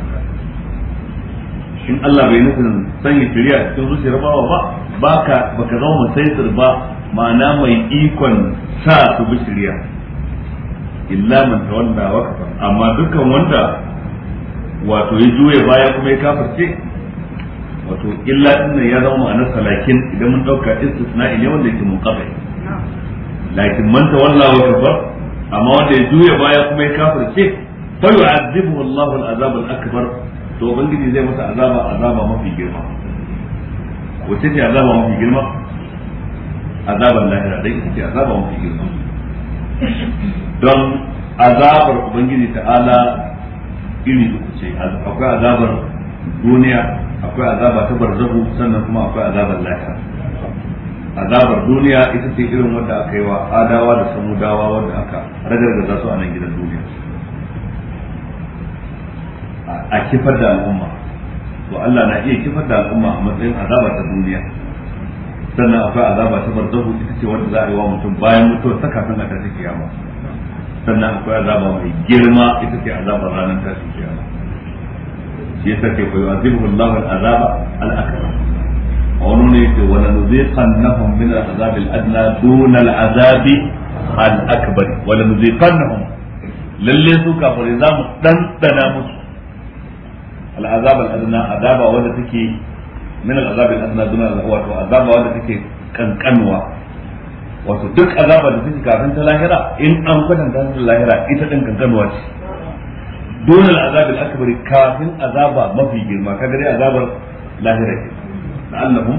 in Allah bai nufin sanya shari'a cikin zuciyar bawa ba baka baka zama musaitir ba ma'ana mai ikon sa su bi shari'a illa man tawalla wa kafar amma dukkan wanda wato ya juya baya kuma ya kafirce wato illa din ya zama ma'anar salakin idan mun dauka istisna'i ne wanda yake munqati lakin man tawalla wa kafar amma wanda ya juya baya kuma ya kafirce fa yu'azzibuhu Allahu al-azab al-akbar to ubangiji zai masa azaba azaba mafi girma wace ce azaba mafi girma azaban lahira dai ita ce azaba mafi girma don azabar ubangiji ta'ala iri uku ce akwai azabar duniya akwai azaba ta barzahu sannan kuma akwai azabar lahira azabar duniya ita ce irin wadda aka yi wa adawa da samudawa wadda aka ragargaza su a nan gidan duniya a kifar da al'umma to Allah na iya kifar da al'umma a matsayin azaba ta duniya sannan akwai azaba ta barzahu ita ce wadda za a yi wa mutum bayan mutuwar ta kafin a tafi kiyama sannan akwai azaba mai girma ita ce azabar ranar tashin kiyama shi yasa ke koyo azibu Allahu al-azaba al-akbar a wani ne yake wala nuziqannahum min al-azab al-adna dun al-azab al-akbar wala nuziqannahum lalle su kafare za mu dandana musu al-azab al-adna azaba wanda take min al-azab al-adna dun al-azab wato azaba wanda take kankanwa wato duk azaba da take kafin ta lahira in an kwatanta ta lahira ita din kankanuwa ce dole al'azab al-akbar kafin azaba mafi girma kaga dai azabar lahira ce la'allahum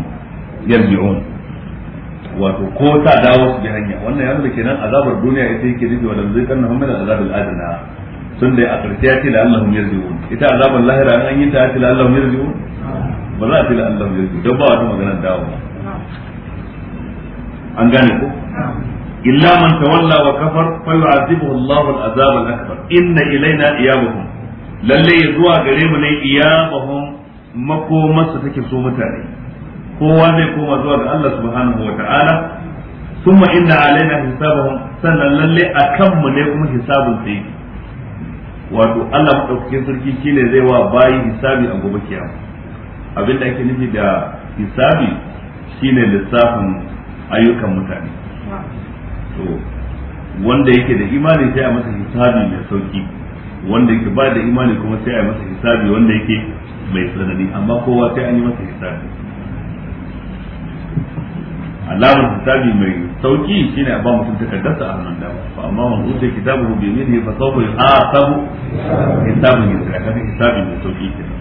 yarji'un wato ko ta dawo su bi hanya wannan ya nuna kenan azabar duniya ita yake nufi wala zai kanna min al-azab al-adna sun da a karshe ya ce la'allahum yarji'un ita azabar lahira an yi ta ya ce la'allahum yarji'un ba za a ce la'allahum yarji'un don ba wata maganar dawowa an gane ko illa man tawalla wa kafar falyu'adhibuhu Allahu al-azab al-akbar inna ilayna iyabuhum lalle zuwa gare mu ne iyabahum makomarsa take so mutane kowa zai koma zuwa ga Allah subhanahu wa ta'ala summa inna alaina hisabahum sannan lalle akan mu ne kuma hisabun sai wato Allah madaukakin sarki shine zai wa bayi hisabi a gobe kiyama abinda ake nufi da hisabi shine lissafin ayyukan mutane to wanda yake da imani sai a masa hisabi mai sauki wanda yake ba da imani kuma sai a masa hisabi wanda yake mai tsanani amma kowa sai an yi masa hisabi alamar hisabi mai sauki shine a ba mutum takardarsa a hannun dama fa amma man uta kitabu bi yaminihi fa sawfa yuhasabu hisabu yasira kaga hisabi mai sauki kenan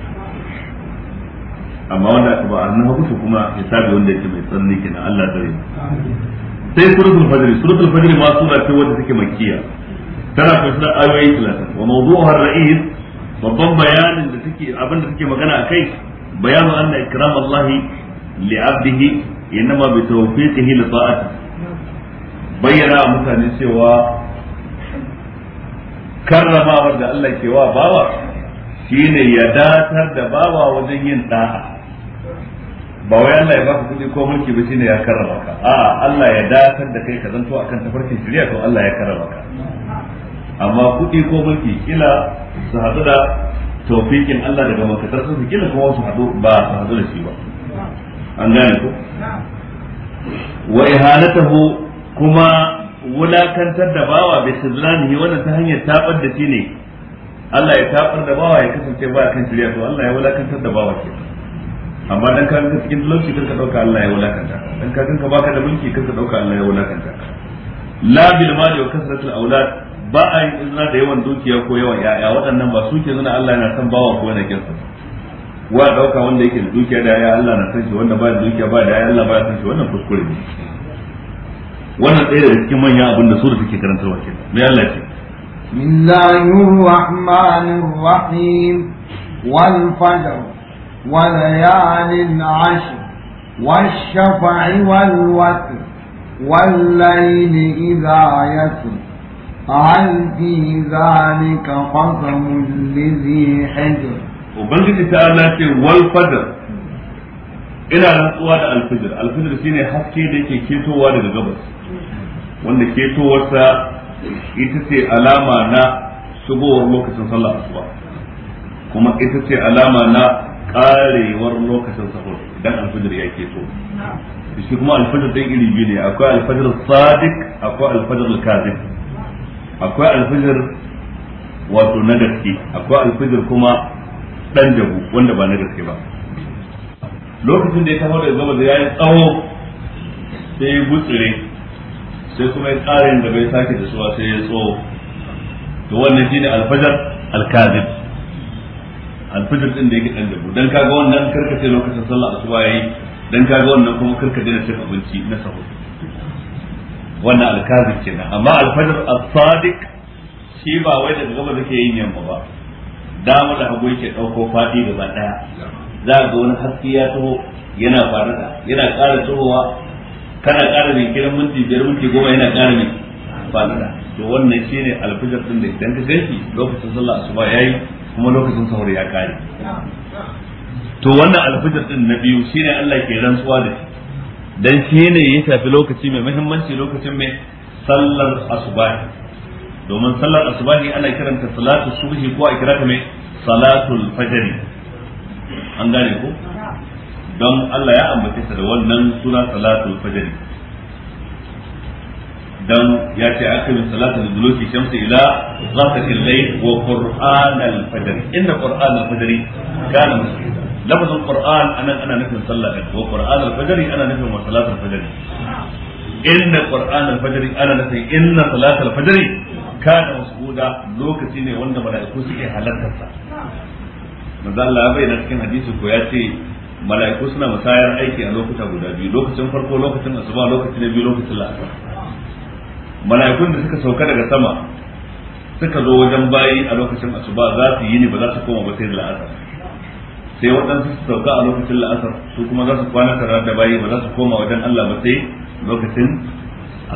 amma wanda aka ba annan hagu kuma hisabi wanda yake mai tsanani kina. Allah zai sai suratul fajr suratul fajr ma sura ce wanda take makkiya tana kunshe da ayoyi 30 wa mawdu'uha ar-ra'is babban bayanin da take abin da take magana akai bayanu anna ikram Allah li 'abdihi innama bi tawfiqihi li ta'ati bayyana mutane cewa karramawar da Allah ke wa bawa shine ya datar da bawa wajen yin da'a ba wai Allah ya baka kuɗi ko mulki ba shine ya karrama ka a Allah ya dakar da kai ka zanto akan tafarkin shari'a to Allah ya karrama ka amma kuɗi ko mulki kila su hadu da tawfikin Allah daga makatar su kila kuma su hadu ba su hadu da shi ba an gane ko wa ihanatahu kuma wulakantar da bawa bi sidlanihi wannan ta hanyar tabar da shi ne Allah ya tabar da bawa ya kasance ba kan shari'a to Allah ya wulakantar da bawa kenan amma dan ka ga cikin talauci kan ka dauka Allah ya wulakanta dan ka ga baka da mulki kan ka dauka Allah ya wulakanta la bil mali wa kasratul aulad ba a yin izina da yawan dukiya ko yawan yaya waɗannan ba suke zuna Allah yana san bawa ko yana kinsa wa dauka wanda yake da dukiya da yaya Allah na san shi wanda ba da dukiya ba da yaya Allah ba san shi wannan kuskure ne wannan ɗaya daga cikin manyan abin da su da suke karantarwa ke. mai Allah ce بسم الله الرحمن wal fajr وليال عشر والشفع والوتر والليل إذا يسر هل في ذلك قسم لذي حجر وبنجد تعالى والفجر ina rantsuwa da alfijir alfijir shine haske da yake ketowa daga gabas wanda ketowarsa ita ce alama na shigowar lokacin Sallah asuba kuma ita ce alama na karewar lokacin sahur idan alfajir ya ke so shi kuma alfajir dai iri biyu ne akwai alfajir sadiq akwai alfajir kazib akwai alfajir wato na gaske akwai alfajir kuma dan jabu wanda ba na gaske ba lokacin da ya taho da zama da yayi tsawo sai ya gutsire sai kuma ya tsara da bai sake da suwa sai ya tsawo to wannan shine alfajar alkazib alfajir din da yake dan da dan kaga wannan karkace lokacin sallah asuba yayi dan kaga wannan kuma karka daina cin abinci na sahu wannan alkazib kenan amma alfajir as-sadiq shi ba wai daga gaba zake yin yamma ba mu da hagu yake dauko fadi ba daya za ga wani haske ya taho yana faruka yana ƙara tahowa kana ƙara mai kiran minti biyar minti goma yana ƙara mai faruka to wannan shine alfajir din da idan ka ganki lokacin sallah asuba yayi kuma lokacin sahur ya kare to wannan alfijir din na biyu shine Allah ke rantsuwa da shi dan shi ne ya shafi lokaci mai muhimmanci lokacin mai sallar asubahi domin sallar asubahi ana kiranta salatu subhi ko a kirata mai salatul fajr an gane ko don Allah ya ambace ta da wannan suna salatul fajr dan ya ce aka min salata da duluki shamsu ila zakatil layl wa qur'an al-fajr inna qur'an al-fajr kana masjida lafazin qur'an anan ana nufin sallah wa qur'an al-fajr ana nufin wa salat al-fajr inna qur'an al-fajr ana nufin inna salat al-fajr kana masjida lokaci ne wanda mala'iku suke halartar sa manzo Allah bai na cikin hadisi ko ya ce mala'iku suna musayar aiki a lokuta guda biyu lokacin farko lokacin asuba lokacin na biyu lokacin la'asar mala'ikun da suka sauka daga sama suka zo wajen bayi a lokacin asuba za su yi ne ba za su koma ba sai da la'asar sai waɗansu su sauka a lokacin la'asar su kuma za su kwana tare da bayi ba za su koma wajen Allah ba sai lokacin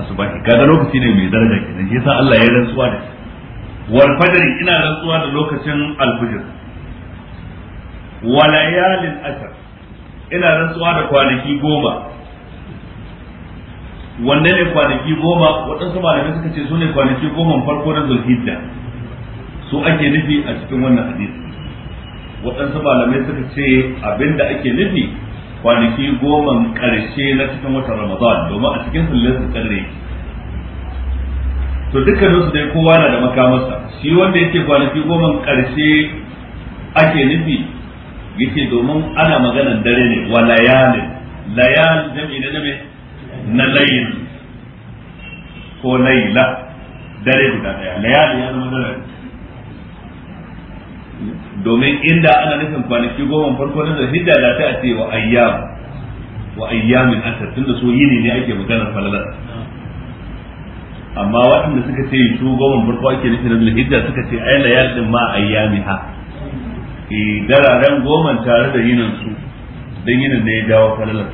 asuba kaga lokaci ne mai daraja kenan shi yasa Allah ya rantsuwa da wal fajr ina rantsuwa da lokacin al-fajr wa layalin asr ina rantsuwa da kwanaki goma wanne ne kwanaki goma waɗansu malamai suka ce su ne kwanaki goma farko na zulhijja su ake nufi a cikin wannan hadisi waɗansu malamai suka ce abinda ake nufi kwanaki goma ƙarshe na cikin watan ramadan domin a cikin sullun kadri to dukkanin su dai kowa na da makamarsa shi wanda yake kwanaki goma ƙarshe ake nufi yake domin ana maganan dare ne wa layalin layalin jam'i na jami'i na layin ko layla dare guda daya layali ya zama dare domin inda ana nufin kwanaki goma farko na zahidda da ta a ce wa ayyam wa ayyamin asar tunda so yini ne ake maganar falalar amma waɗanda suka ce su goma farko ake nufin zulhijja suka ce ai layal din ma ayyamiha ha. Eh, dararen goma tare da yinin su dan yinin ne ya jawo falalar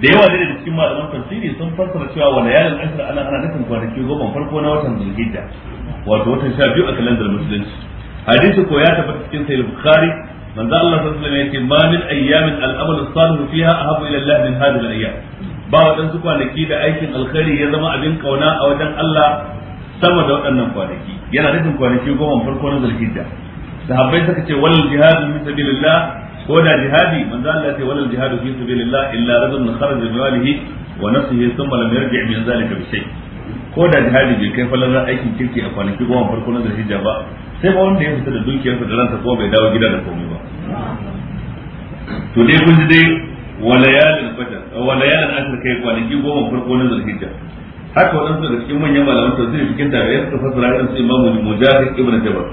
da yawa ne da cikin malaman tafsiri sun fassara cewa wa layalin ashr ana ana nufin kwanaki goma farko na watan zulhijja wato watan sha biyu a kalandar musulunci hadisi ko ya tabbata cikin sahih bukhari manzo Allah sallallahu alaihi wasallam yake ma min ayyamin al-amal as-salih fiha ahabu ila Allah min hadhihi al-ayyam ba su kwanaki da aikin alkhairi ya zama abin kauna a wajen Allah sama da waɗannan kwanaki yana nufin kwanaki goma farko na zulhijja sahabbai suka ce wal jihadu fi sabilillah ko da jihadi manzo Allah sai wannan jihadu fi sabilillah illa rajulun kharaja bi walihi, wa nafsihi thumma lam yarji' min zalika bi shay ko da jihadi bai kai fallan aikin kirki a kwanaki goma farko na zulhijja ba sai ba wanda ya fita da dukiyarsa da ranta ko bai dawo gida da komai ba to dai kun ji dai wa layalin fajr wa kai kwanaki goma farko na zulhijja haka wadansu daga cikin manyan malaman tafsiri cikin tarayya suka fassara irin su imamu mujahid ibn jabal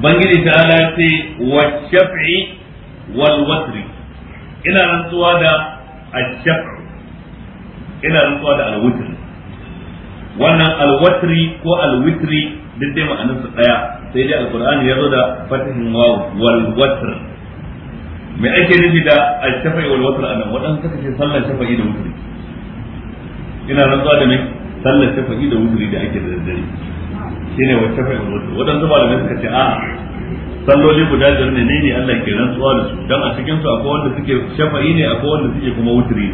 ubangiji ta ala ce wa shaf'i wal watri ina rantsuwa da ash ina rantsuwa da al wannan al ko al-witri duk dai ma'anar su daya sai dai al-qur'ani ya zo da fatihin waw wal watr me ake nufi da ash-shaf'i wal watr anan wadan suka ce sallar shafi da wutri ina rantsuwa da ne sallar shafi da wutri da ake da daddare shine wata fa'in wudu wadansu malamai suka ce a salloli guda biyar ne ne Allah ke rantsuwa da su dan a cikin su akwai wanda suke shafa'i ne akwai wanda suke kuma wutri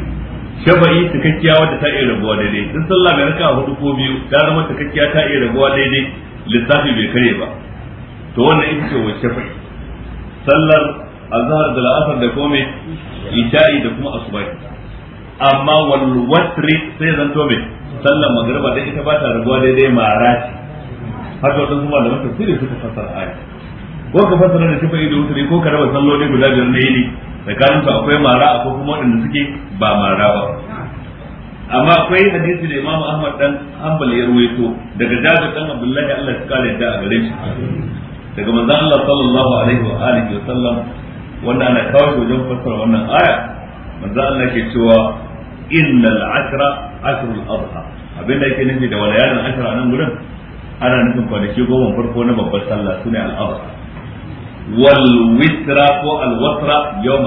shafa'i cikakkiya wadda ta iya rabuwa daidai duk sallah mai raka'a hudu ko biyu ta zama cikakkiya ta iya rabuwa daidai lissafi bai kare ba to wannan ita ce wacce fa'i sallar azhar da la'asar da kome isha'i da kuma asubai amma wal watri sai zanto mai sallar magriba da ita ba ta rabuwa daidai mara ce haka wadansu malaman tafsiri suka fassara aya ko ka fassara da shafa'i da wuturi ko ka raba salloli guda biyar na yini tsakanin su akwai mara akwai kuma waɗanda suke ba mara ba amma akwai hadisi da Imam Ahmad dan Hanbal ya ruwaito daga Jabir dan Abdullahi Allah ya kare da a gare shi daga manzon Allah sallallahu alaihi wa alihi wa sallam wannan ana kawo shi wajen fassara wannan aya manzon Allah ke cewa innal ashra ashrul adha abin da yake nufi da walayalan ashra nan gurin ana nufin kwanaki goma farko na babbar sallah sune al-awsa wal ko al yau yawm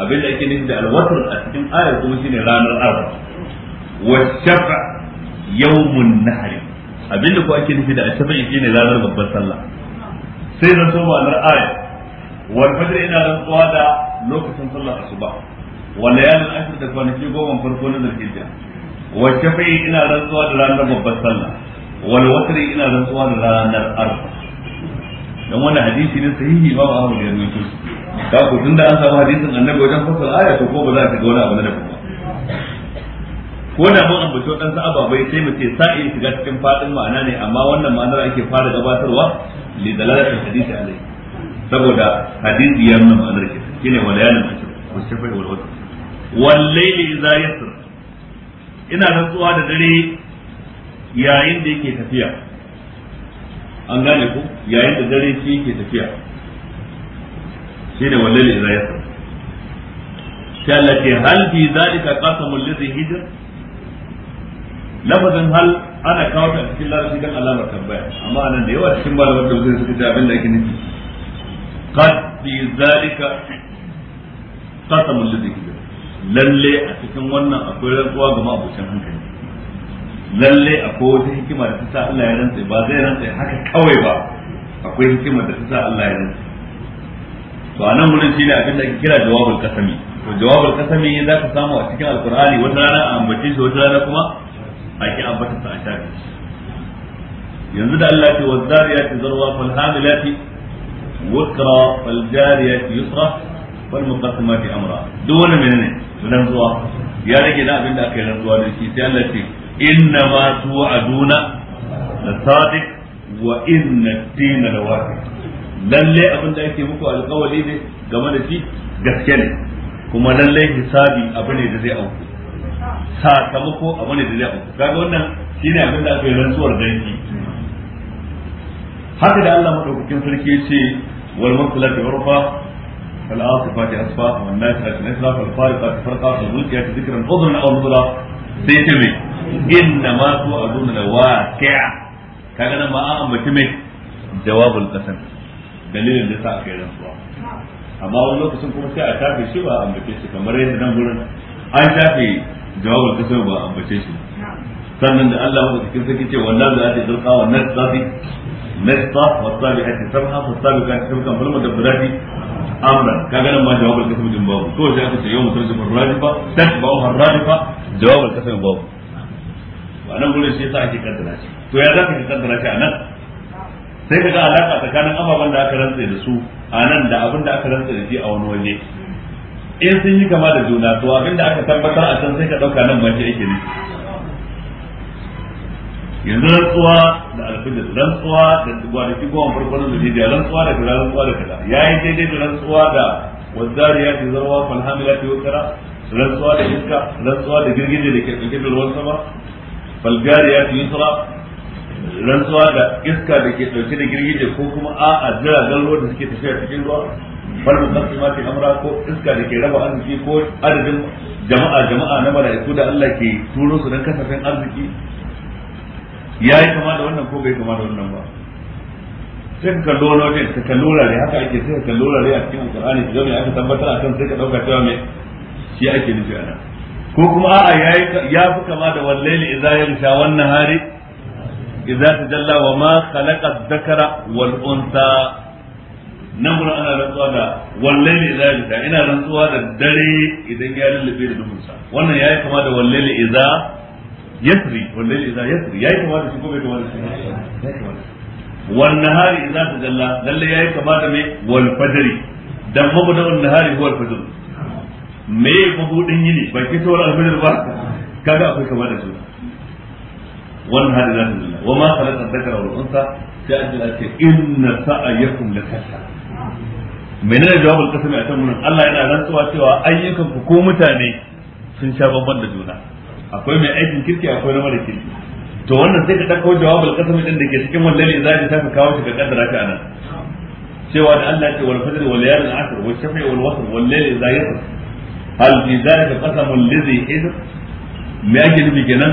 abinda ake nufi da al a cikin ayar kuma shine ranar arfa wa yau mun nahr abinda ko ake nufi da al shafa shine ranar babbar sallah sai zan so ma'anar aya wal fajr ina rantsuwa da lokacin sallar asuba wa layalin ashr da kwanaki goma farko na zulhijja wa shafa'i ina rantsuwa da ranar babbar sallah wal wasri ina rantsuwa da ranar arfa dan wannan hadisi ne sahihi ba ba abu da ya rubuto ka ku tunda an samu hadisin annabi wajen fasal aya to ko ba za ta ga wani abu na daban ko da mun dan waɗansu ababai sai mu ce sa'in shiga cikin fadin ma'ana ne amma wannan ma'anar ake fara gabatarwa li dalalatin hadisi alai saboda hadisi ya nuna ma'anar ke shine walayanin ashr wa wal watr wal layli idha yasr ina rantsuwa da dare yayin da yake tafiya an gane ku yayin da dare shi yake tafiya shine wallahi idza yasa sai Allah ce hal fi zalika qasamul ladhi hijr lafazin hal ana kawo ta cikin larabci dan alamar tambaya amma anan da yawa cikin malaman tafsir suka ce abin da ake nufi qad fi zalika qasamul ladhi hijr lalle a cikin wannan akwai rantsuwa ga ma'abucin hankali lalle akwai wata hikima da ta sa Allah ya rantsa ba zai rantsa haka kawai ba akwai hikima da ta sa Allah ya rantsa to anan wurin ne abin da ake kira jawabul kasami to jawabul kasami za ka samu a cikin alqur'ani wata rana a ambace shi wata rana kuma a ki ambata sa a shafi yanzu da Allah ce wazzariyati zarwa fal hamilati wukra fal jariyati yusra fal muqassimati amra duk wannan menene rantsuwa ya rage da abin da aka yi rantsuwa da shi sai Allah ce inna ma tu'aduna la sadiq wa inna ad-dina lalle abin da ake muku alƙawari ne game da shi gaske ne kuma lalle hisabi abu ne da zai auku sakamako abu ne da zai auku kaga wannan shine abin da aka yi rantsuwar dangi haka da Allah madaukakin sarki ya wal mursalati urfa فالعاصفات sai ce mai inna ma su a zuna da waqi'a kaga nan ma an ambaci mai jawabul qasam dalilin da sa aka yi rantsuwa amma wani lokacin kuma sai a tafi shi ba a ambace shi kamar yadda nan gurin an tafi jawabul qasam ba a ambace shi sannan da Allah wanda cikin sake ce wallahi za ta zalqa wa nasati nasta wa sabi'ati sabha wa sabiqati sabqan da mudabbirati amran kaga nan ma jawabul kasam din babu to sai aka ce yau mutarjim ar-radifa tatba'u ar-radifa jawabul kasam babu Wa anan gurin sai yasa ake kaddara shi to ya zaka ka kaddara shi anan sai kaga alaka tsakanin ababan da aka rantsa da su anan da abin da aka rantsa da shi a wani waje in sun yi kama da juna to abin da aka tabbatar a can sai ka dauka nan ma shi yake ne yanzu rantsuwa da alfijir rantsuwa da gwanaki goma da zulhijja rantsuwa da kaza rantsuwa da ya yi daidai da rantsuwa da ya fi zarwa fal fi wakara rantsuwa da iska rantsuwa da girgije da ke dauke da ruwan sama falgari fal jariyati yusra rantsuwa da iska da ke dauke da girgije ko kuma a a jiragen ruwa da suke tafiya cikin ruwa farin ma ke amra ko iska da ke raba arziki ko adadin jama'a jama'a na mala'iku da Allah ke turo su don kasafin arziki ya yi kama da wannan ko bai kama da wannan ba sai ka kallo wani wajen ka kallo rare haka ake sai ka kallo rare a cikin alqur'ani ka zama me aka tabbatar a kan sai ka ɗauka cewa me shi ake nufi ana ko kuma a'a ya fi kama da ya idza wannan hari nahari ta jalla wa ma khalaqa dhakara wal unsa nan gurin ana rantsuwa da wallai wallaili ya yamsha ina rantsuwa da dare idan ya lullube da duhunsa wannan ya yi kama da wallai ne iza. yasri wanda ya idza yasri yayi kama da shi ko bai kama da shi wan nahari idza tajalla lalle yayi kama da me wal fajri dan mabuda wan nahari huwa al fajr me mabudin yini ba ki tawar al ba kaga akwai kama da shi wan nahari idza tajalla wa ma khalaqa dhakara wal unsa sai Allah ce inna sa'ayakum lakasa a Allah yana rantsuwa cewa ayyukan ku ko mutane sun sha bamban da juna akwai mai aikin kirki akwai na mara kirki to wannan sai ka dauko jawabul qasam din da ke cikin wannan lizaji ta ka kawo shi ka kaddara ka anan cewa da Allah ce wal fajr wal layl al asr wal shafi wal wasr wal layl idha yasr hal fi dhalika qasamul ladhi idh me ake nufi kenan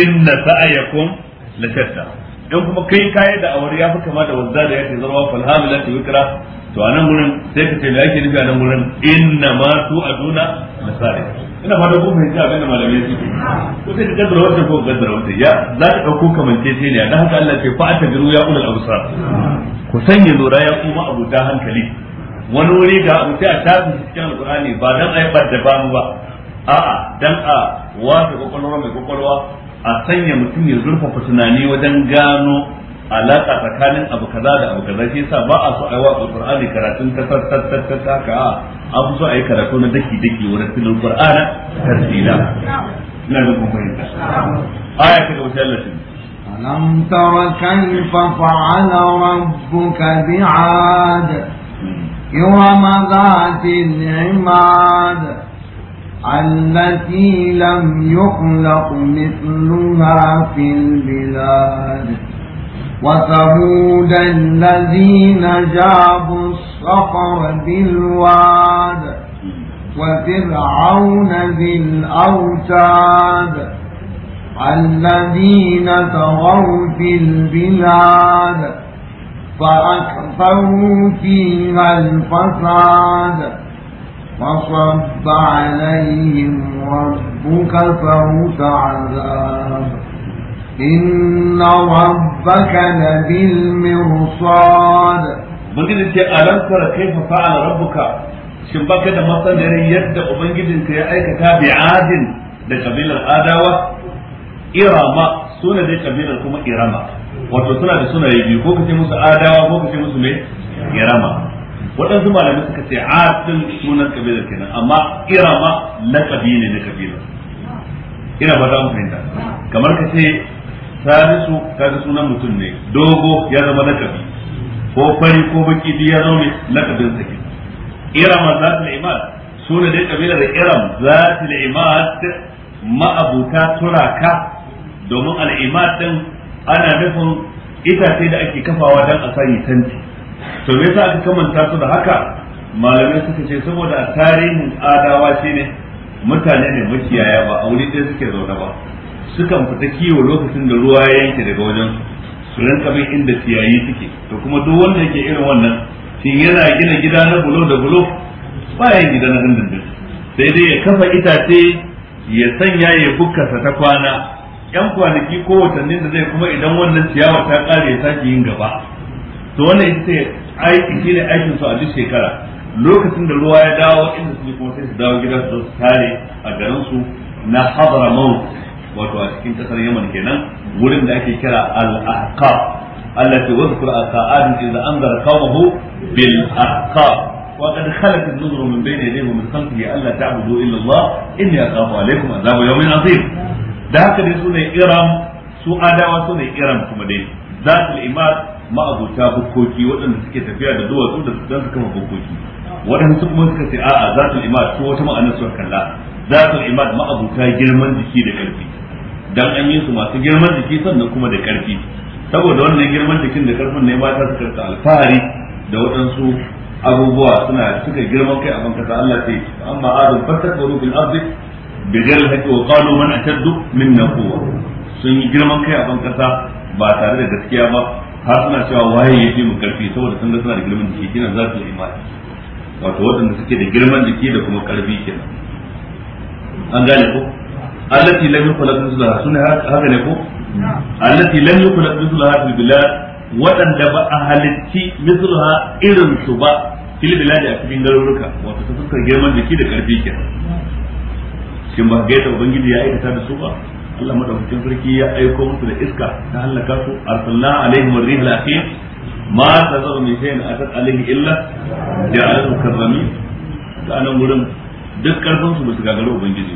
inna sa'ayakum la shatta in kuma kai kai da aure ya fi kama da wazza da yake zarwa fal hamilati wikra to anan gurin sai ka ce me ake nufi anan gurin inna ma tu'aduna la sa'ayakum ina fata ko fahimci abin da malamai suke ko sai ka gaddara ko gaddara ya za ka dauko kamance sai ne dan haka Allah ce fa ta biru ya ulul absar ku sanya lura ya kuma abuta hankali wani wuri ga mutai a tafi cikin alqur'ani ba dan ayi da ba mu ba a'a dan a wata kwakwalwa mai kwakwalwa a sanya mutum ya zurfafa tunani wajen gano alaka tsakanin abu kaza da abu kaza shi yasa ba a so a alqur'ani karatun kasar tattattat haka an fi so a yi karatu na daki daki wurin tilul qur'ana tartila ina da kuma yin aya ta gaba sai Allah shi ألم تر كيف فعل ربك بعاد إرم ذات العماد التي لم يخلق مثلها في البلاد وثمود الذين جابوا الصخر بالواد وفرعون ذي الأوتاد الذين طغوا في البلاد فأكثروا فيها الفساد فصب عليهم ربك فوت عذاب إن ربك لبالمرصاد Ubangiji ce a lantara kai fa fa'ala rabbuka shin baka da masanin yadda ka ya aikata bi adin da kabilar adawa irama suna dai kabilar kuma irama wato suna da sunaye biyu ko kace musu adawa ko kace musu me irama waɗansu malamai suka ce adin sunan kabilar kenan amma irama ne na kabilar ina ba za fahimta kamar ka ce salisu kaga sunan mutum ne dogo ya zama lakabi ko fari ko baki duk ya zama lakabin sa ke irama zatul imad sunan dai kabilar iram zatul imad abuta turaka domin al-imad din ana nufin itace da ake kafawa dan a sani tanti to me yasa aka kamanta su da haka malamai suka ce saboda tarihin adawa shine mutane ne makiyaya ba a wuri ɗaya suke zaune ba sukan fita kiwo lokacin da ruwa ya yanke daga wajen su rinka bin inda ciyayi suke to kuma duk wanda yake irin wannan shin yana gina gida na bulo da bulo bayan gida na dindindin sai dai ya kafa itace ya sanya ya bukkasa ta kwana yan kwanaki ko watannin da zai kuma idan wannan ciyawa ta kare ya sake yin gaba to wannan ita ce aiki ne aikin su a duk shekara lokacin da ruwa ya dawo inda su kuma sai su dawo gida su tare a garin su na hadara maut wato a cikin kasar Yaman kenan wurin da ake kira al-ahqaf Allah ce wazkur aqa'ad idza anzara qawmahu bil bai ahqaf وقد خلت النذر من بين يديه zuwa, خلفه الا تعبدوا الا الله اني اخاف عليكم عذاب يوم عظيم da haka dai su ne iram su adawa su ne iram kuma dai zatul imar ma'abuta bukkoki waɗanda suke tafiya da duwatsu da dan su kama bukkoki waɗansu kuma suka ce a'a zatul imar su wata ma'anar su kalla zatul imar ma'abuta girman jiki da ƙarfi dan an yi su masu girman jiki sannan kuma da karfi saboda wannan girman jikin da karfin ne mata su karta alfahari da waɗansu abubuwa suna suka girman kai a bankasa Allah ce amma adam fatakwaru bil ardi bi ghayr haqqi wa qalu man min na quwwa sun yi girman kai a bankasa ba tare da gaskiya ba har suna cewa waye ya fi mu karfi saboda sun ga suna da girman jiki kina za su imani wato waɗanda suke da girman jiki da kuma karfi kenan an gane ko allati lam yukhlaq mithlaha sunna haka ne ko allati lam yukhlaq mithlaha fil bilad wadanda ba a halitti mithlaha irin su ba fil bilad a cikin garuruka wato ta fuskar girman jiki da karfi kenan shin ba gaita ubangiji ya ta da su ba Allah madaukakin sarki ya aiko musu da iska ta halaka su arsalna alaihim ar-rih al-aqim ma tazaru min shay'in atat alaihi illa ja'alahu karrami ta nan gurin duk karfin su ba su gagara ubangiji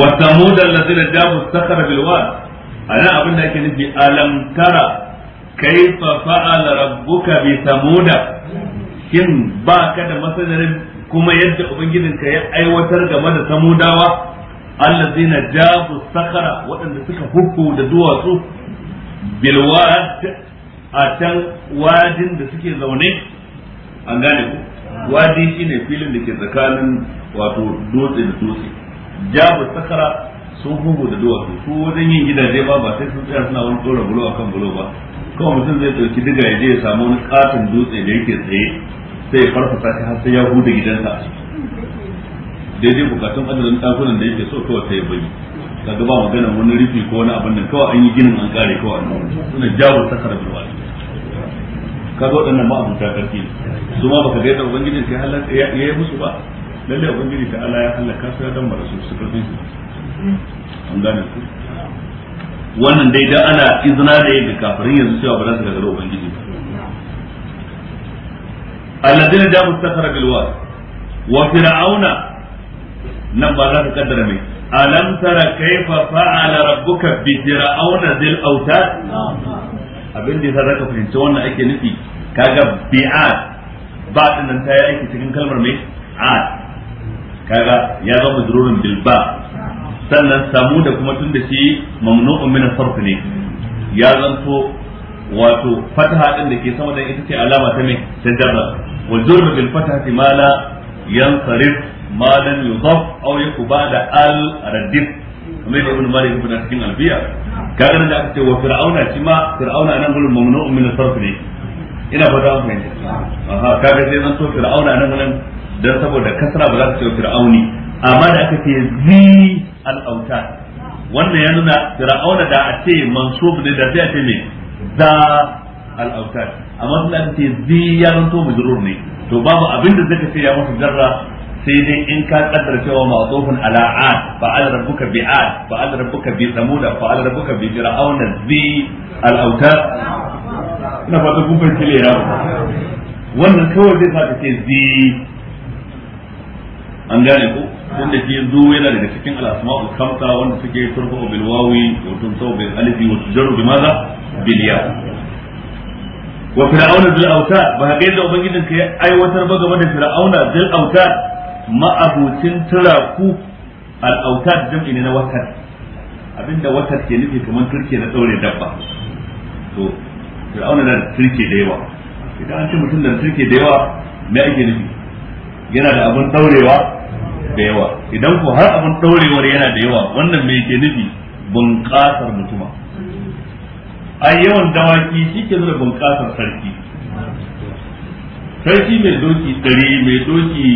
wa samud allazina jabu sakhara bil wad abin da ake nufi alam tara kaifa fa'ala rabbuka bi samuda kin ba ka da masanarin kuma yadda ka ya aiwatar game da samudawa allazina jabu sakara waɗanda suka hukku da duwatsu bilwad a can wadin da suke zaune an gane ku wadi shine filin da ke tsakanin wato dutse da dutse jabu sakara sun hugu da duwatsu su wajen yin gidaje ba ba sai sun tsaya suna wani tsoron bulo akan bulo ba kawai mutum zai ɗauki diga ya je ya samu wani katin dutse da yake tsaye sai ya farfasa shi har sai ya huda gidansa a ciki daidai bukatun adadin ɗakunan da yake so kawai sai ya bayi kaga ba magana wani rufi ko wani abin da kawai an yi ginin an kare kawai an suna jawo sakara bilwa kaga waɗannan ma'abuta karfi su ma baka ga yadda ubangijin sai halar ya yi musu ba lalle ubangiji ta ala ya halaka su dan mara su su karfin su an gane ku wannan dai da ana izina da yadda kafirin yanzu cewa ba za su gagara ubangiji ba alladina da mustakhara bil wad wa fir'auna nan ba za ka kaddara mai alam tara kaifa fa'ala rabbuka bi fir'auna zil autad abin da yasa ka fahimci wannan ake nufi kaga bi'at ba nan ta yi aiki cikin kalmar mai ad kaga ya zama majrurun Bilba sannan samu da kuma tun da shi mamnu'un min sarf ne ya zanto wato fataha din da ke sama da ita ce alama ta me ta jarra wa jurru bil fatahati ma la yansarif ma lam yudaf aw yakba da al radif kamar da ibn malik ibn cikin albiya kaga nan da aka ce wa fir'auna shi ma fir'auna nan gurin mamnu'un min sarf ne ina fata an fahimta aha kaga sai zan to fir'auna nan gurin Don saboda kasra ba za ka ce fir'auni amma da aka ce zi al wannan ya nuna fir'auna da a ce mansub ne da sai a ce me za al-autan amma da aka ce zi ya zanto majrur ne to babu abin da zaka ce ya masa jarra sai dai in ka kaddara cewa ma'dufun ala ad fa ala rabbuka bi ad fa ala rabbuka bi samuda fa ala rabbuka bi fir'auna zi al ina fata kun fahimci ne yawo wannan kawai zai sa ka ce zi an gane ko wanda ke yanzu yana daga cikin al-asma'ul khamsa wanda suke turfa bil wawi wa tunsaw bil alif wa tujaru bi madha bil ya wa fir'auna bil awtad ba haka yadda ubangijin ka ya aiwatar ba game da fir'auna bil awtad ma'abucin turaku al awtad jam'i ne na watar abinda watar ke nufi kamar turke na daure dabba to fir'auna na turke da yawa idan an ce mutum da turke da yawa me ake nufi yana da abin daurewa da yawa idan ko har abin ɗorewar yana da yawa wannan me ke nufi bunƙasar mutuma a yawan dawaki shi ke nuna bunƙasar sarki sarki mai doki ɗari mai doki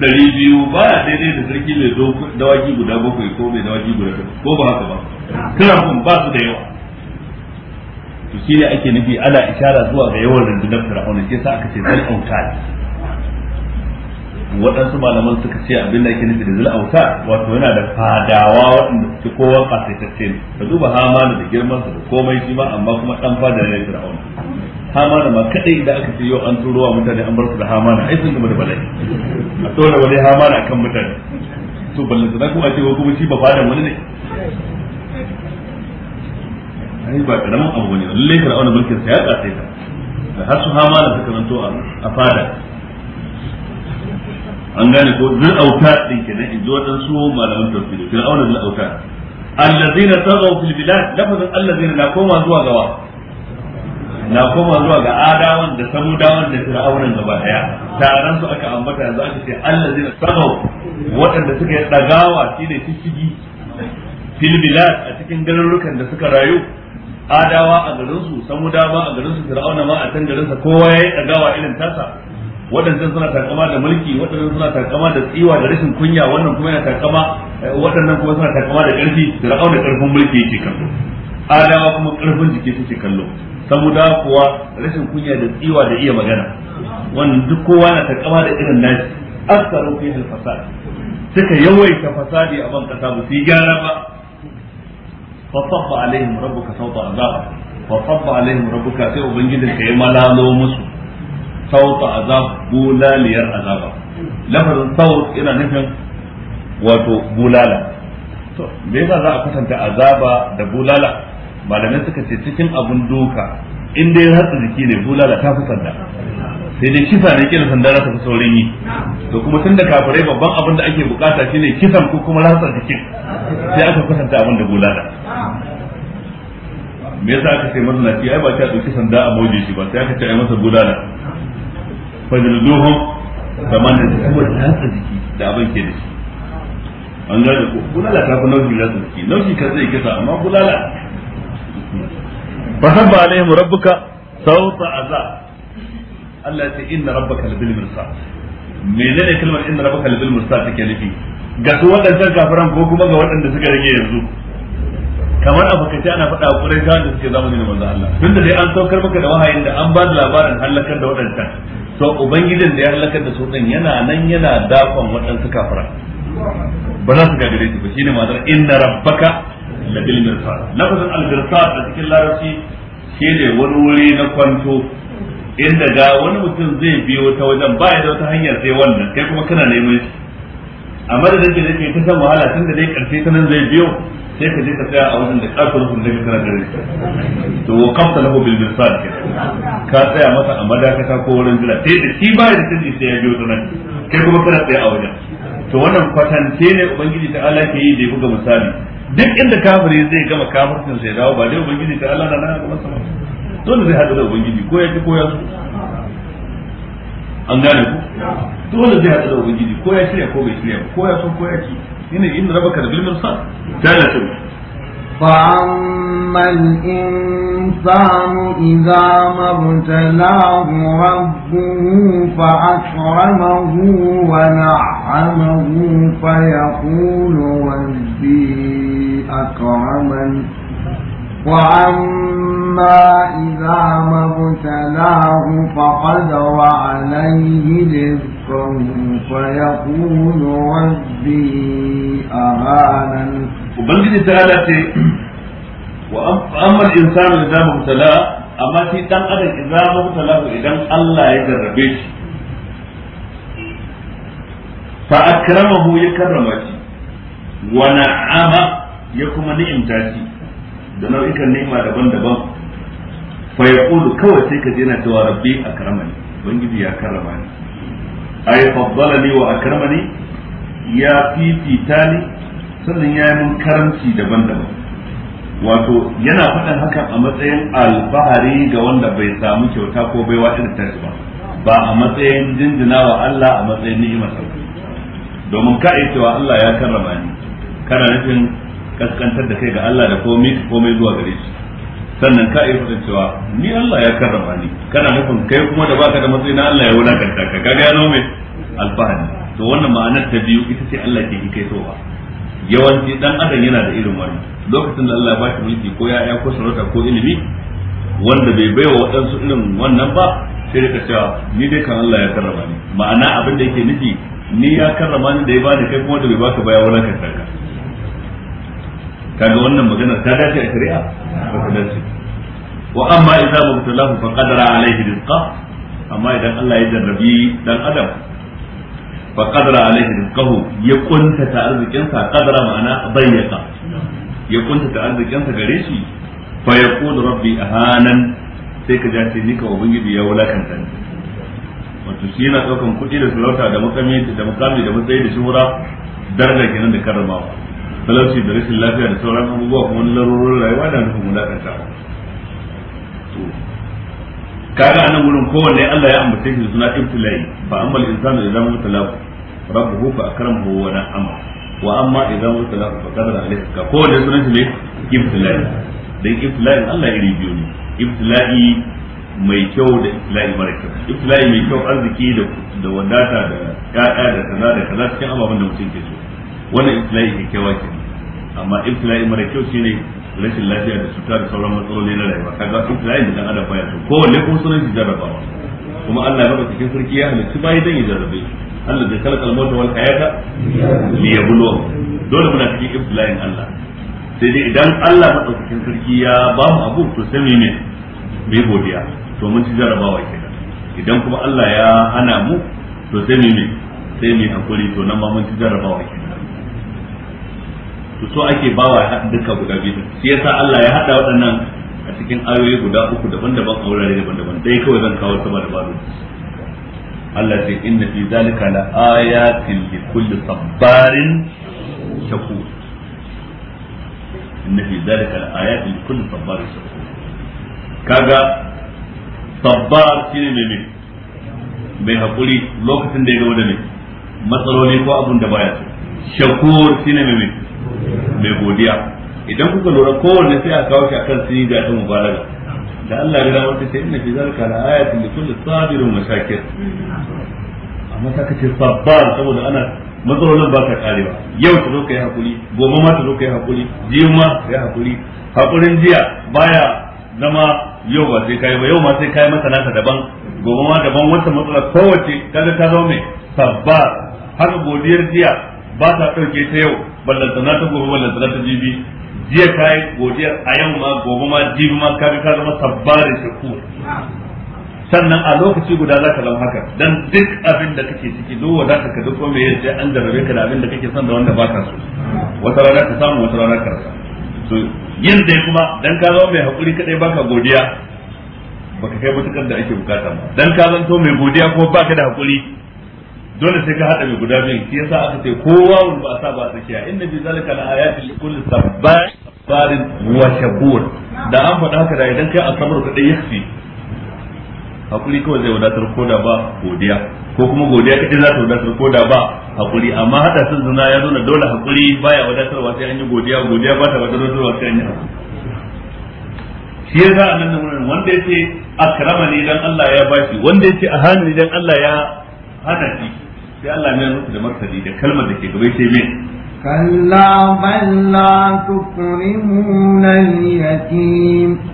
ɗari biyu ba a daidai da sarki mai dawaki guda bakwai ko mai dawaki guda ko ba haka ba kun ba su da yawa to shi ne ake nufi ana ishara zuwa ga yawan rundunar fir'auna shi yasa aka ce zai autal waɗansu malaman suka ce abin da ake nufi da zila auta wato yana da fadawa waɗanda suke kowa kasaitacce ne ka duba hamana da girman su da komai shi ma amma kuma ɗan fada ne da Hama hamana ma kadai da aka ce yau an turo wa mutane an bar su da hamana ai sun gama da bala'i a tsora wani hamana kan mutane to ballanta na kuma ce ko kuma shi ba fadan wani ne ai ba karamin abu bane lallai fir'auna mulkin sa ya kasaita da har su hamana suka zanto a fada an gane ko zil auta din kenan in ji waɗansu malaman tafsiri fir'auna zai auta allazina tagaw fil bilad lafazin allazina na koma zuwa gawa na koma zuwa ga adawan da dawan da fir'aunan gaba daya taron su aka ambata yanzu aka ce na tagaw waɗanda suka yi dagawa shine shishigi fil bilad a cikin garurukan da suka rayu adawa a garin su dama a garin su fir'auna ma a can garin sa kowa yayi dagawa irin tasa waɗannan suna takama da mulki waɗannan suna takama da tsiwa da rashin kunya wannan kuma yana takama eh, waɗannan kuma suna takama da ƙarfi fir'aun da ƙarfin mulki yake kallo adawa kuma ƙarfin jiki suke kallo saboda kuwa rashin kunya da tsiwa da iya magana wannan duk kowa na takama da irin nashi asaru fi al-fasad suka yawaita fasadi a ban kasa ba su yi gyara ba فصب عليهم ربك صوت عذاب فصب عليهم ربك sai ubangijin ka ya malalo musu sauta azab bulaliyar azaba lafazin saut yana nufin wato bulala to me yasa za a kwatanta azaba da bulala malamai suka ce cikin abun doka in dai hatsa jiki ne bulala ta fi sanda sai dai kisa ne kila sanda za ta fi saurin yi to kuma tun da kafirai babban abin da ake bukata shine kisan ko kuma ratsa jikin sai aka kwatanta abin da bulala me yasa aka ce mazinaci ai ba ta dauki sanda a moje shi ba sai aka ce ai masa bulala fajilduhum zaman da kuma ratsa jiki da abin ke da shi an gane ko bulala ta fi nauyi ratsa jiki Nauki ka zai kisa amma bulala fa habba alaihim rabbuka sauta azab Allah ya ce inna rabbaka labil mirsad menene kalmar inna rabbaka labil mursal take nufi ga su waɗancan kafiran ko kuma ga waɗanda suka rage yanzu kamar abu kace ana faɗa a ƙurai da suke zamani da manzo Allah tunda dai an saukar maka da wahayin da an ba da labarin halakar da waɗancan to ubangijin da ya halakar da su din yana nan yana dakon waɗansu kafara ba za su gagare su ba shine ma'anar inna rabbaka la bil mirsad lafazin al mirsad a cikin larabci shine wani wuri na kwanto inda ga wani mutum zai biyo ta wajen ba ya da wata hanyar sai wannan kai kuma kana neman shi a madadin da zai ta san wahala tun da dai karshe ta nan zai biyo sai ka je ka tsaya a wajen da ƙarfi rufin da kana da rai to wa kafta lahu bil mirsad ka tsaya masa a madakata ko wurin jira sai da shi ba da sani sai ya biyo ta kai kuma kana tsaya a wajen to wannan kwatance ne ubangiji ta Allah ke yi da ya buga misali duk inda kafiri zai gama kafircin sai dawo ba dai ubangiji ta Allah na nan ga masa dole zai hadu da ubangiji ko ya ci ko ya an gane ku dole zai hadu da ubangiji ko ya shirya ko bai shirya ko ya so ko ya ci shine in rabaka da bilmin sa dalatu فأما الإنسان إذا ما ابتلاه ربه فأكرمه ونعمه فيقول ربي أكرمن وأما إذا ما ابتلاه فقدر عليه رزقا فيقول ربي أهانا وبنجد تعالى وأما الإنسان إذا ما ابتلاه أما في دم أدم إذا ما ابتلاه إذا الله يجربه فأكرمه يكرمه ونعمه يكون نعمته da nau'ikan ni'ima daban-daban fa yaqulu kawai sai ka jina cewa rabbi akramani ubangiji ya karrama ni ay faddalani wa akramani ya fifita ni sannan ya yi mun karanci daban-daban wato yana faɗin hakan a matsayin alfahari ga wanda bai samu kyauta ko baiwa irin tashi ba ba a matsayin jinjina wa Allah a matsayin ni'imar sauki domin ka cewa Allah ya karrama ni kana nufin kaskantar da kai ga Allah da komai komai zuwa gare shi sannan ka yi fadin cewa ni Allah ya karrama ni kana nufin kai kuma da baka da matsayi na Allah ya wulakanta ka kaga ya nome alfahari to wannan ma'anar ta biyu ita ce Allah ke kai towa yawanci dan adam yana da irin wani lokacin da Allah ya bashi mulki ko ya'ya ko sarauta ko ilimi wanda bai baiwa waɗansu irin wannan ba sai da cewa ni dai kan Allah ya karrama ni ma'ana abin da yake nufi ni ya karrama ni da ya bani kai kuma da bai baka baya wani kan ka kaga wannan magana ta dace a shari'a ba ta dace wa amma idza mubtalahu fa qadara alayhi rizqa amma idan Allah ya jarrabi dan adam fa qadara alayhi rizqahu ya kunta ta arzikin sa qadara ma'ana bayyaka ya kunta ta arzikin sa gare shi fa yaqulu rabbi ahanan sai ka jace ni ka ubangiji ya wulakanta ni wato shi yana daukan kuɗi da sarauta da mukami da mukami da matsayi da shuhura darajar kenan da karramawa talauci da rashin lafiya da sauran abubuwa kuma larurin rayuwa na nufin wulakantawa kaga nan wurin kowanne Allah ya ambace shi suna ibtilai ba amma al-insanu idza mubtalahu rabbuhu fa akramahu wa na'ama wa amma idza mubtalahu fa qadara alayhi ka kowanne sunan shi ne ibtilai dan ibtilai Allah ya biyu ne ibtilai mai kyau da ibtilai mara kyau ibtilai mai kyau arziki da da wadata da ƙaƙa da kaza da kaza cikin ababen da mutum ke so wannan islahi ke kewa ke amma islahi mara kyau shine rashin lafiya da cuta da sauran matsaloli na rayuwa kaga islahi da dan adam baya so kowanne kuma sunan shi jarrabawa kuma Allah ya bada cikin sarki ya halitta bai dan ya jarrabe Allah da kalakal mota wal hayata li yabulu dole muna cikin ibtilayin Allah sai dai idan Allah madaukakin sarki ya ba mu abu to sai mu yi godiya to mun ci jarrabawa kenan idan kuma Allah ya hana mu to sai mu yi sai mu hakuri to nan ma mun ci jarrabawa ke. to so ake bawa duka guda biyu shi yasa Allah ya haɗa waɗannan a cikin ayoyi guda uku daban-daban a wurare daban-daban dai kawai zan kawo saboda babu Allah ce inna fi zalika la ayatin li kulli sabarin shakur inna fi zalika la ayatin li kulli sabarin shakur kaga sabbar shine mai mai mai hakuri lokacin da ya ga da matsaloli ko abun da baya so shakur shine mai mai mai godiya idan kuka lura kowanne sai a kawo shi akan siga ta mubalaga da Allah ya rama ta inna fi zalika la ayatin li kulli sabirin wa amma ta kace sabbar saboda ana matsalolin ba ta karewa yau ta zo kai hakuri goma ma ta zo kai hakuri jiya ma kai hakuri hakurin jiya baya zama yau ba sai kai ba yau ma sai kai masa naka daban goma ma daban wata matsala kowace kaga ta zo mai sabba haka godiyar jiya ba sa ɗauke ta yau ballantana ta gobe ballantana ta jibi jiya ka yi godiya a yau ma gobe ma jibi ma ka ka zama sabbarin shakku sannan a lokaci guda za ka zama haka dan duk abin da kake ciki duk wanda ka duk kome yace an jarabe ka da abin da kake son da wanda ba ka so wata rana ka samu wata rana ka rasa to yin dai kuma dan ka zama mai hakuri kadai baka godiya baka kai mutukar da ake bukata ba dan ka zanto mai godiya kuma baka da hakuri dole sai ka hada mai guda biyun shi yasa aka ce kowa wani ba a sa ba a tsakiya inna bi zalika la ayati li kulli sabbarin wa shakur da an faɗa haka da idan kai asabar ka dai yafi hakuri kawai zai wadatar ko da ba godiya ko kuma godiya kaɗai za ta wadatar ko da ba hakuri amma hada sun zina ya nuna dole hakuri baya wadatarwa sai an yi godiya godiya ba ta wadatarwa sai an yi hakuri shi ya za a nan wurin wanda ya ce akrama ne dan Allah ya bashi wanda ya ce ahani ne dan Allah ya hana shi sai Allah ya musu da martani da kalmar da ke gaba sai me kalla bal la tukrimuna al-yatim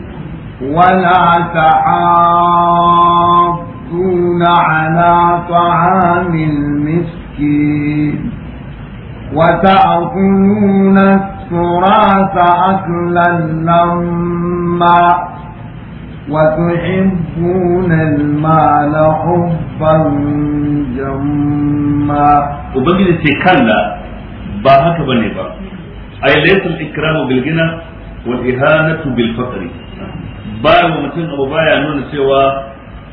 wala ta'aduna ala ta'amil miskin وتأكلون التراث أكلا لما وتحبون المال حبا جما وبنجد تكلا باهك بنبا أي ليس الإكرام بالغنى والإهانة بالفقر baya wa mutum abu baya nuna cewa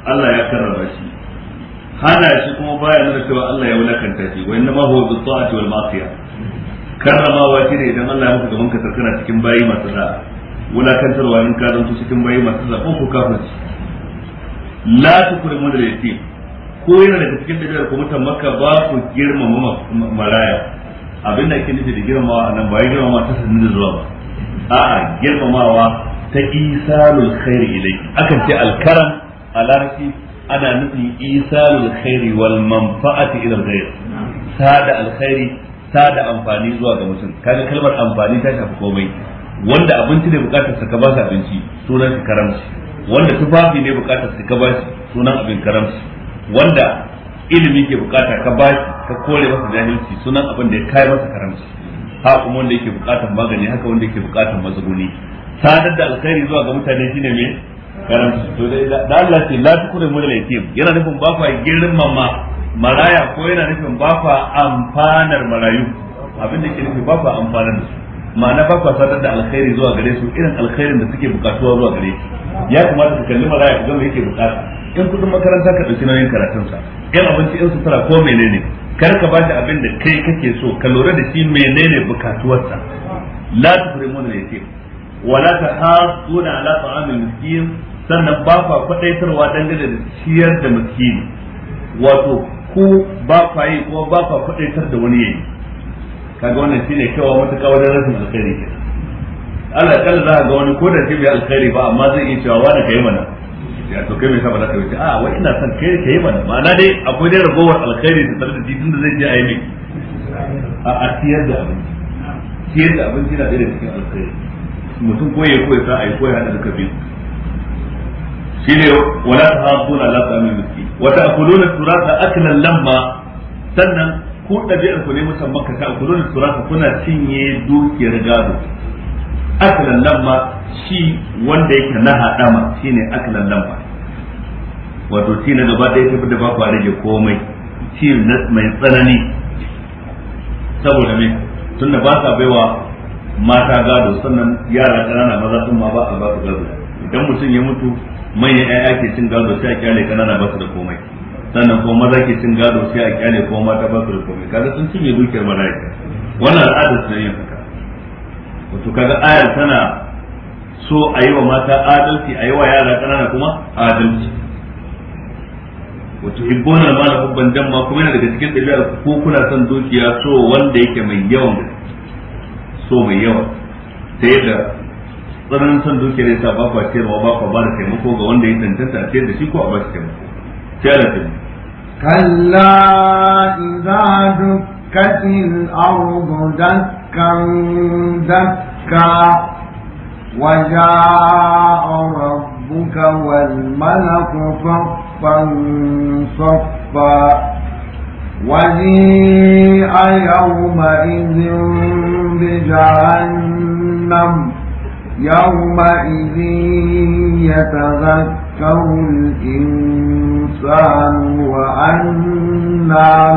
Allah ya karrama shi kuma baya nuna cewa Allah ya wulakanta shi wa inna ma huwa bis-sa'ati wal ma'siyah karramawa shine idan Allah ya maka gaban ka cikin bayi masu wulakantarwa in ka zanto cikin bayi masu zaɓo ko kafirci la tukrimu da yatim ko yana daga cikin dabi'ar ko mutan makka ba ku girmama maraya abinda ake nufi da girmamawa a nan ba ya girmama ta sanin da zuwa ba a'a girmamawa ta isalul khairi ilai akan ce alkaram a larabci ana nufin isalul khairi wal manfa'ati ila ghayr sada alkhairi sada amfani zuwa ga mutum kaga kalmar amfani ta shafi komai wanda abinci ne bukatar sa ka basu abinci sunan shi karamci wanda tufafi ne bukatar sa ka basu sunan abin karamci wanda ilimi ke bukata ka ba ka kore masa jahilci sunan abin da ya kai masa karamci haka kuma wanda yake bukatar magani haka wanda yake bukatar mazguni sadar da alkhairi zuwa ga mutane shine me karamci to da Allah ce la tukure mu da yatim yana nufin ba fa mamma maraya ko yana nufin ba fa amfanar marayu abin da ke nufi ba fa amfanar da su ma'ana ba kwa sadar da alkhairi zuwa gare su irin alkhairin da suke bukatuwa zuwa gare su ya kamata ka kalli maraya ka gama yake bukata in kudin makaranta ka dauki nauyin karatun sa Yan abinci in sutura ko menene kar ka ba shi abin da kai kake so ka lura da shi menene bukatuwarsa la tuhrimuna yatim wa la tahasuna ala al miskin sannan ba kwa kwadaitarwa dangane da ciyar da miskin wato ku ba kwa yi ko ba kwa da wani yayi kaga wannan shine kyawa matuƙa wajen rashin alkhairi ke ala kalla za ga wani ko da shi bai alkhairi ba amma zai iya cewa wani kai mana ya to kai mai sa ba za ka wuce a ah, wai ina son kai kai mana ma'ana dai akwai dai ragowar alkhairi da tare da shi tunda zai je a yi mai a siyar da abinci siyar da abinci na ɗaya da cikin alkhairi mutum ko ya koyi sa a yi koyi hada duka biyu ne wala tahaduna la ta'amil miski wa ta'kuluna turata aklan lamma sannan ko ɗabi'ar ku ne musamman ka ta ku zo surata kuna cinye dukiyar gado akalan lamma shi wanda yake na haɗama shine akalan lamma wato ci na gaba ɗaya tafi da ba rage komai ci mai tsanani saboda me da ba sa baiwa mata gado sannan yara ƙanana maza sun ma ba a ba su gado idan mutum ya mutu manyan 'ya'ya ke cin gado sai a kyale ƙanana ba su da komai sannan kuma maza ke cin gado sai a kyale kuma mata ba su da komai kaga sun cinye dukiyar mala'ika wannan al'adar su yin haka wato kaga ayar tana so a yi wa mata adalci a yi wa yara ƙanana kuma adalci wato ibbona ma na babban damma kuma yana daga cikin ɗabi'a ko kuna son dukiya so wanda yake mai yawan so mai yawa ta yadda tsananin son dukiya ne sa ba kwa ciyarwa ba kwa ba da taimako ga wanda ya tantanta a ciyar da shi ko a ba shi taimako كلا إذا دكت الأرض دكا دكا وجاء ربك والملك صفا صفا وجيء يومئذ بجهنم يومئذ يتذكر يذكر الإنسان وأنى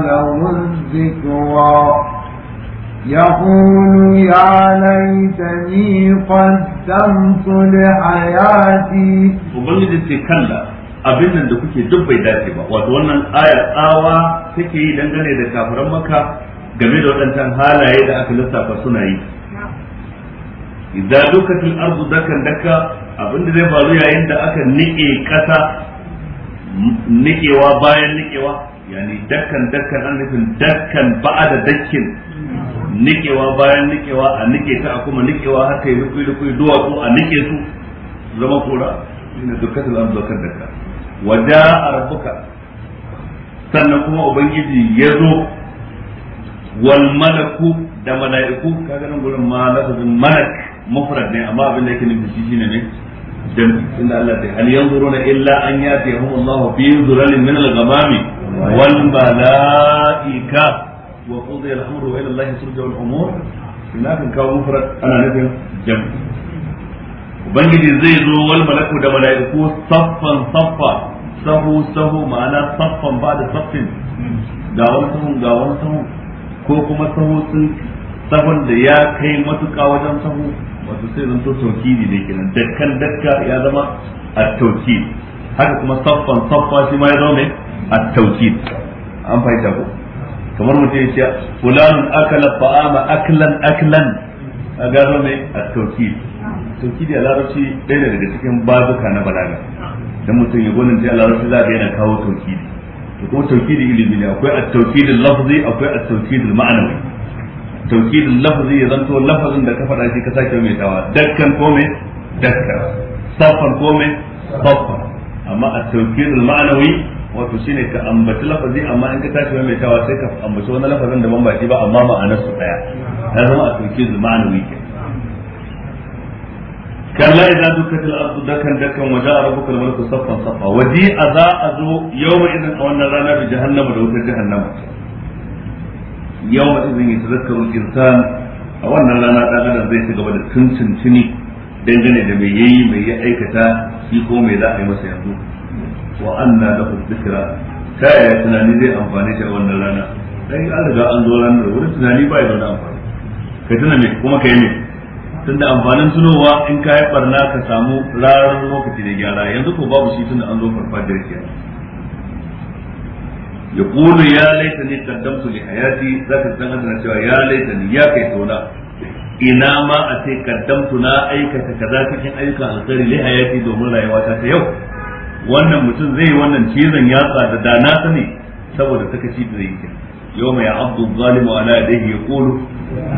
له الذكرى يقول يا ليتني قدمت لحياتي وبلغت كلا abin nan da kuke duk bai dace ba wato wannan ayar tsawa take yi dangane da kafiran maka game da waɗancan halaye da aka lissafa suna yi idza dukatil ardu dakan daka abinda zai faru yayin da aka nike kasa nikewa bayan nikewa yani dakan dakan an nufin dakan ba'ada dakin. nikewa bayan nikewa a nike ta kuma nikewa har kai lukui lukui duwatsu a nike su zama kura ina dukatil ardu dakan daka wada ja'a sannan kuma ubangiji ya zo wal malaku da mala'iku kaga nan gurin ma lafazin malak mufrad ne amma abin da yake nufi shi shine ne dan inda Allah ta hal yanzuruna illa an yatihum Allah fi zulalin min al-ghamami wal malaika wa qudiya al-amru ila Allah turja al-umur ina kan kawo ana nufin jam ubangiji zai zo wal malaku da malaiku saffan saffa sahu sahu ma'ana saffan ba da saffin ga wani sahun ga wani sahun ko kuma sahu sun sahun da ya kai matuƙa wajen sahu wato sai zan to tawkidi ne kenan dakkan dakka ya zama a tawkid haka kuma saffan saffa shi ma ya zama ne a tawkid an fahimta ko kamar mutum ya ce fulan akala fa'ama aklan aklan a gano ne A tawkid tawkidi a larabci ɗaya daga cikin babuka na balaga dan mutum ya gwanin a larabci za ga yana kawo tawkidi to kuma tawkidi ilimi ne akwai a tawkid al-lafzi akwai a tawkid al-ma'anawi tawkidin lafazi ya zanto lafazin da ka faɗa shi ka sake mai tawa dakkan ko me dakka saffan ko me saffa amma a tawkidul ma'anawi wato shine ka ambaci lafazi amma in ka tashi mai tawa sai ka ambaci wani lafazin da ban baki ba amma ma'anar su daya ya zama a tawkidul ma'anawi ke kalla idza dukkat al-ardu dakan dakan wa ja'a rabbuka al-malaku saffan saffa waji aza azu yawma idan a wannan rana bi jahannama da wutar jahannama yau ma izin ya tazakkaru insan a wannan rana ɗan adam zai ci gaba da tuntuntuni dangane da mai yayi mai ya aikata shi ko mai za a yi masa yanzu wa an anna da dhikra ta yaya tunani zai amfani shi a wannan rana dan an riga an zo ranar wani tunani ba ya da amfani ka tuna ne kuma ka yi me tunda amfanin tunowa in ka yi barna ka samu ranar lokaci da gyara yanzu ko babu shi tunda an zo farfajiyar. kenan يقول يا ليتني قدمت لحياتي ذاك الزمن يا ليتني يا كيتونا ina ma a ce kaddamtu na aikata kaza cikin ayyukan alkhairi li hayati domin rayuwata ta yau wannan mutum zai wannan cizon yatsa da dana ne saboda sakaci da yake yau mai abdu zalimu ala yadayhi yaqulu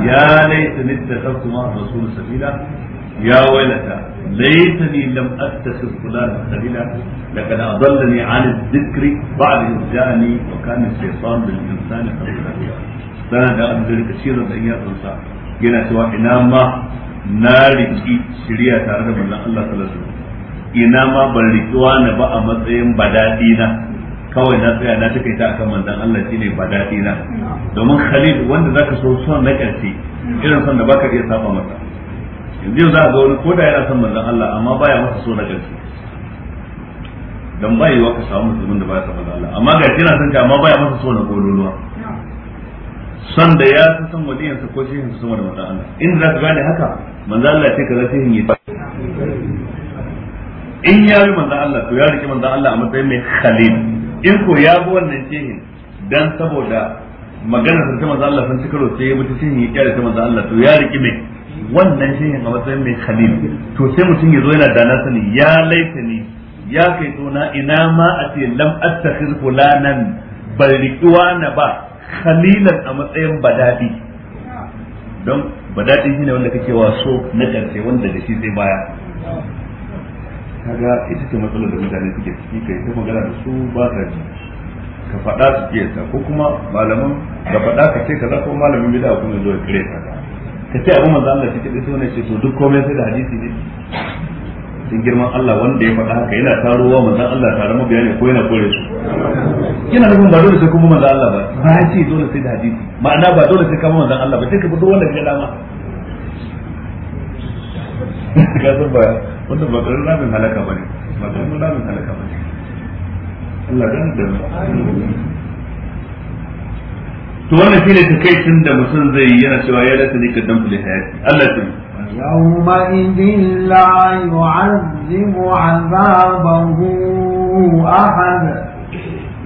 ya laitani tattabtu ma rasul sabila يا ويلتى ليتني لم أتخذ فلانا خليلا لقد أضلني عن الذكر بعد إذ جاءني وكان الشيطان بالإنسان خليلا سنة كثيرا yana cewa ina shirya tare da manzon ina ma ban ba a matsayin kawai na tsaya na take ta akan manzon Allah shine daɗi na domin khalil wanda zaka so son na karshe irin son da baka iya saba masa yanzu za a ga wani koda yana son manzon Allah amma baya masa so na gaske dan bai wa ka samu musulmin da baya son Allah amma ga yana son ka amma baya masa so na gololuwa son da ya fi son waliyan sa ko shi sa sama da manzon Allah in za ka gane haka manzon Allah ce kaza shehin ya in ya yi manzon Allah to ya riki manzon Allah a matsayin mai khalil in ko ya bi wannan shehin dan saboda maganar sa ta manzon Allah sun ci karo sai ya bi shehin ya kyara ta manzon Allah to ya riki mai wannan ne a matsayin mai khalil to sai mutum ya zo yana da na sani ya laifa ni ya kai na ina ma a ce lam attakhir fulanan bal riqwa na ba khalilan a matsayin badadi don badadi shine wanda kake wa so na karshe wanda da shi sai baya kaga ita ce matsalar da mutane suke ciki kai ta magana da su ba ka ji ka faɗa su ke ko kuma malaman ka faɗa ka ce za ko malamin bid'a kuma zo ya kire ka ka ce abu manzo Allah cikin dai sunan ce to duk komai sai da hadisi ne cikin girman Allah wanda ya faɗa haka yana tarowa manzo Allah tare mabiya ne ko yana kore su yana nufin ba dole sai kuma manzo Allah ba ba ce dole sai da hadisi ma'ana ba dole sai kama manzo Allah ba sai ka bi wanda ka dama ka san ba wanda ba karin rabin halaka bane ba karin rabin halaka bane Allah ya da to wannan shi shine takaicin da mutum zai yi yana cewa ya lati ne kaddan fili hayati Allah ya يومئذ لا يعذب عذابه أحد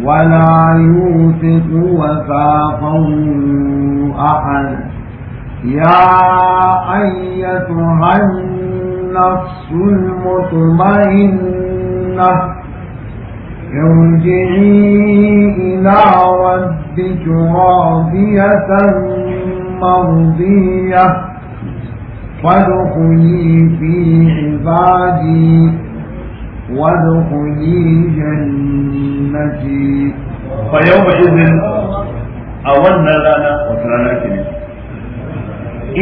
ولا يوثق وثاقه أحد يا أيتها النفس المطمئنة ارجعي إلى ربك راضية مرضية وادخلي في عبادي وادخلي جنتي فيومئذ أولنا لنا وترانا كنيسة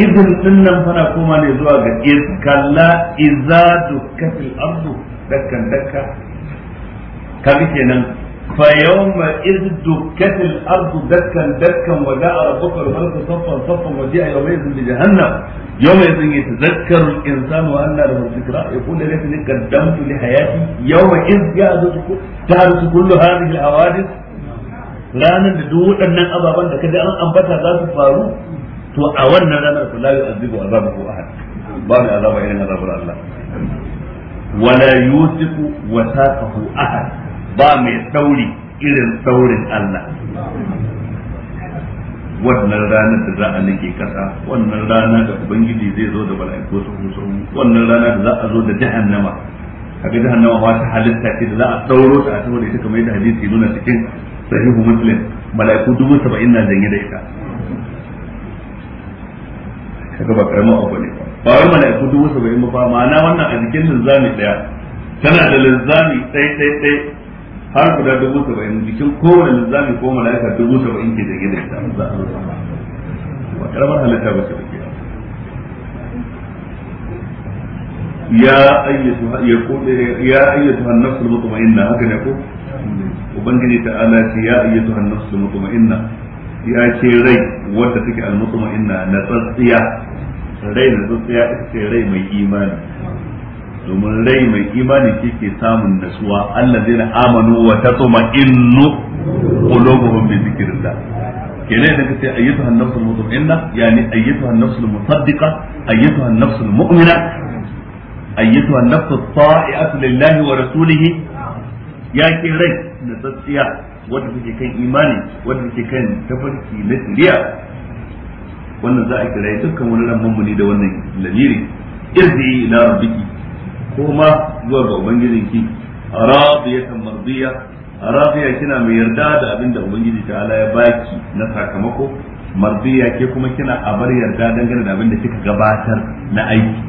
إذن din nan fana koma ne zuwa ga iz kalla iza دكا ardu kaga kenan fa yawma iddu katil ardu dakkan dakkan wa da'a rabbuka wal malaku saffan saffan wa ji'a yawma idhin bi jahannam yawma idhin yatadhakkaru al insanu anna lahu dhikra yaqul la laitani qaddamtu li hayati yawma iz ya'dhu ta'rifu kullu hadhihi al hawadith ranar da duk waɗannan ababen da kaji an ambata za su faru to a wannan ranar ku la yu'adhibu azabahu ahad ba mai azaba irin azabar Allah wala yusiku wasaqahu ahad ba mai tsauri irin saurin Allah wannan ranar da za a nake kasa wannan rana da ubangiji zai zo da mala'iku su huso wannan rana da za a zo da jahannama kaga jahannama ma ta halitta ce da za a dauro ta a tawo da ita kamar yadda hadisi nuna cikin sahihu muslim mala'iku dubu saba'in na janye da ita kaga ba karamin abu ne ba wai mala'iku dubu saba'in ba ma'ana wannan a jikin linzami ɗaya tana da linzami ɗai ɗai ɗai har guda dubu saba'in jikin kowane linzami ko mala'ika dubu saba'in ke jirgin da ita ba karamar halitta ba ce ba ke ya ayyatu ya kode ya ayyatu an-nafs al-mutma'inna haka ne ko ubangiji ta'ala ce ya ayyatu an-nafs al-mutma'inna ya ce rai wadda take al-mutma'inna na tsatsiya rai na tsatsiya ita ce rai mai imani domin rai mai imani ke ke samun nasuwa allazina amanu wa tatma'innu qulubuhum bi dhikrillah kenan idan kace ayyatuha an-nafsul mutma'inna yani ayyatuha an-nafsul musaddiqa ayyatuha an-nafsul mu'mina ayyatuha an-nafsul ta'i'atu lillahi wa rasulihi ya ke rai na tsatsiya wanda take kan imani wanda take kan tafarki na shari'a wannan za a kira dukkan wani ran mummuni da wannan lamiri irzi ila rabbiki koma zuwa ga ubangijinki radiyatan mardiya rafiya kina mai yarda da abin da ubangiji ta ala ya baki na sakamako mardiya ke kuma kina a bar yarda dangane da abin da kika gabatar na aiki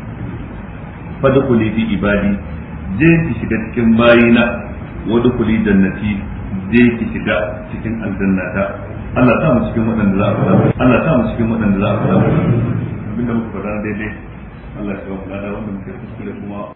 fadkhuli fi ibadi je ki shiga cikin bayina wadkhuli jannati je ki shiga cikin aljannata Allah ta mu cikin waɗanda za a fara Allah ta mu cikin waɗanda za a fara abinda muka fara daidai Allah ya kawo da wanda muke kuskure kuma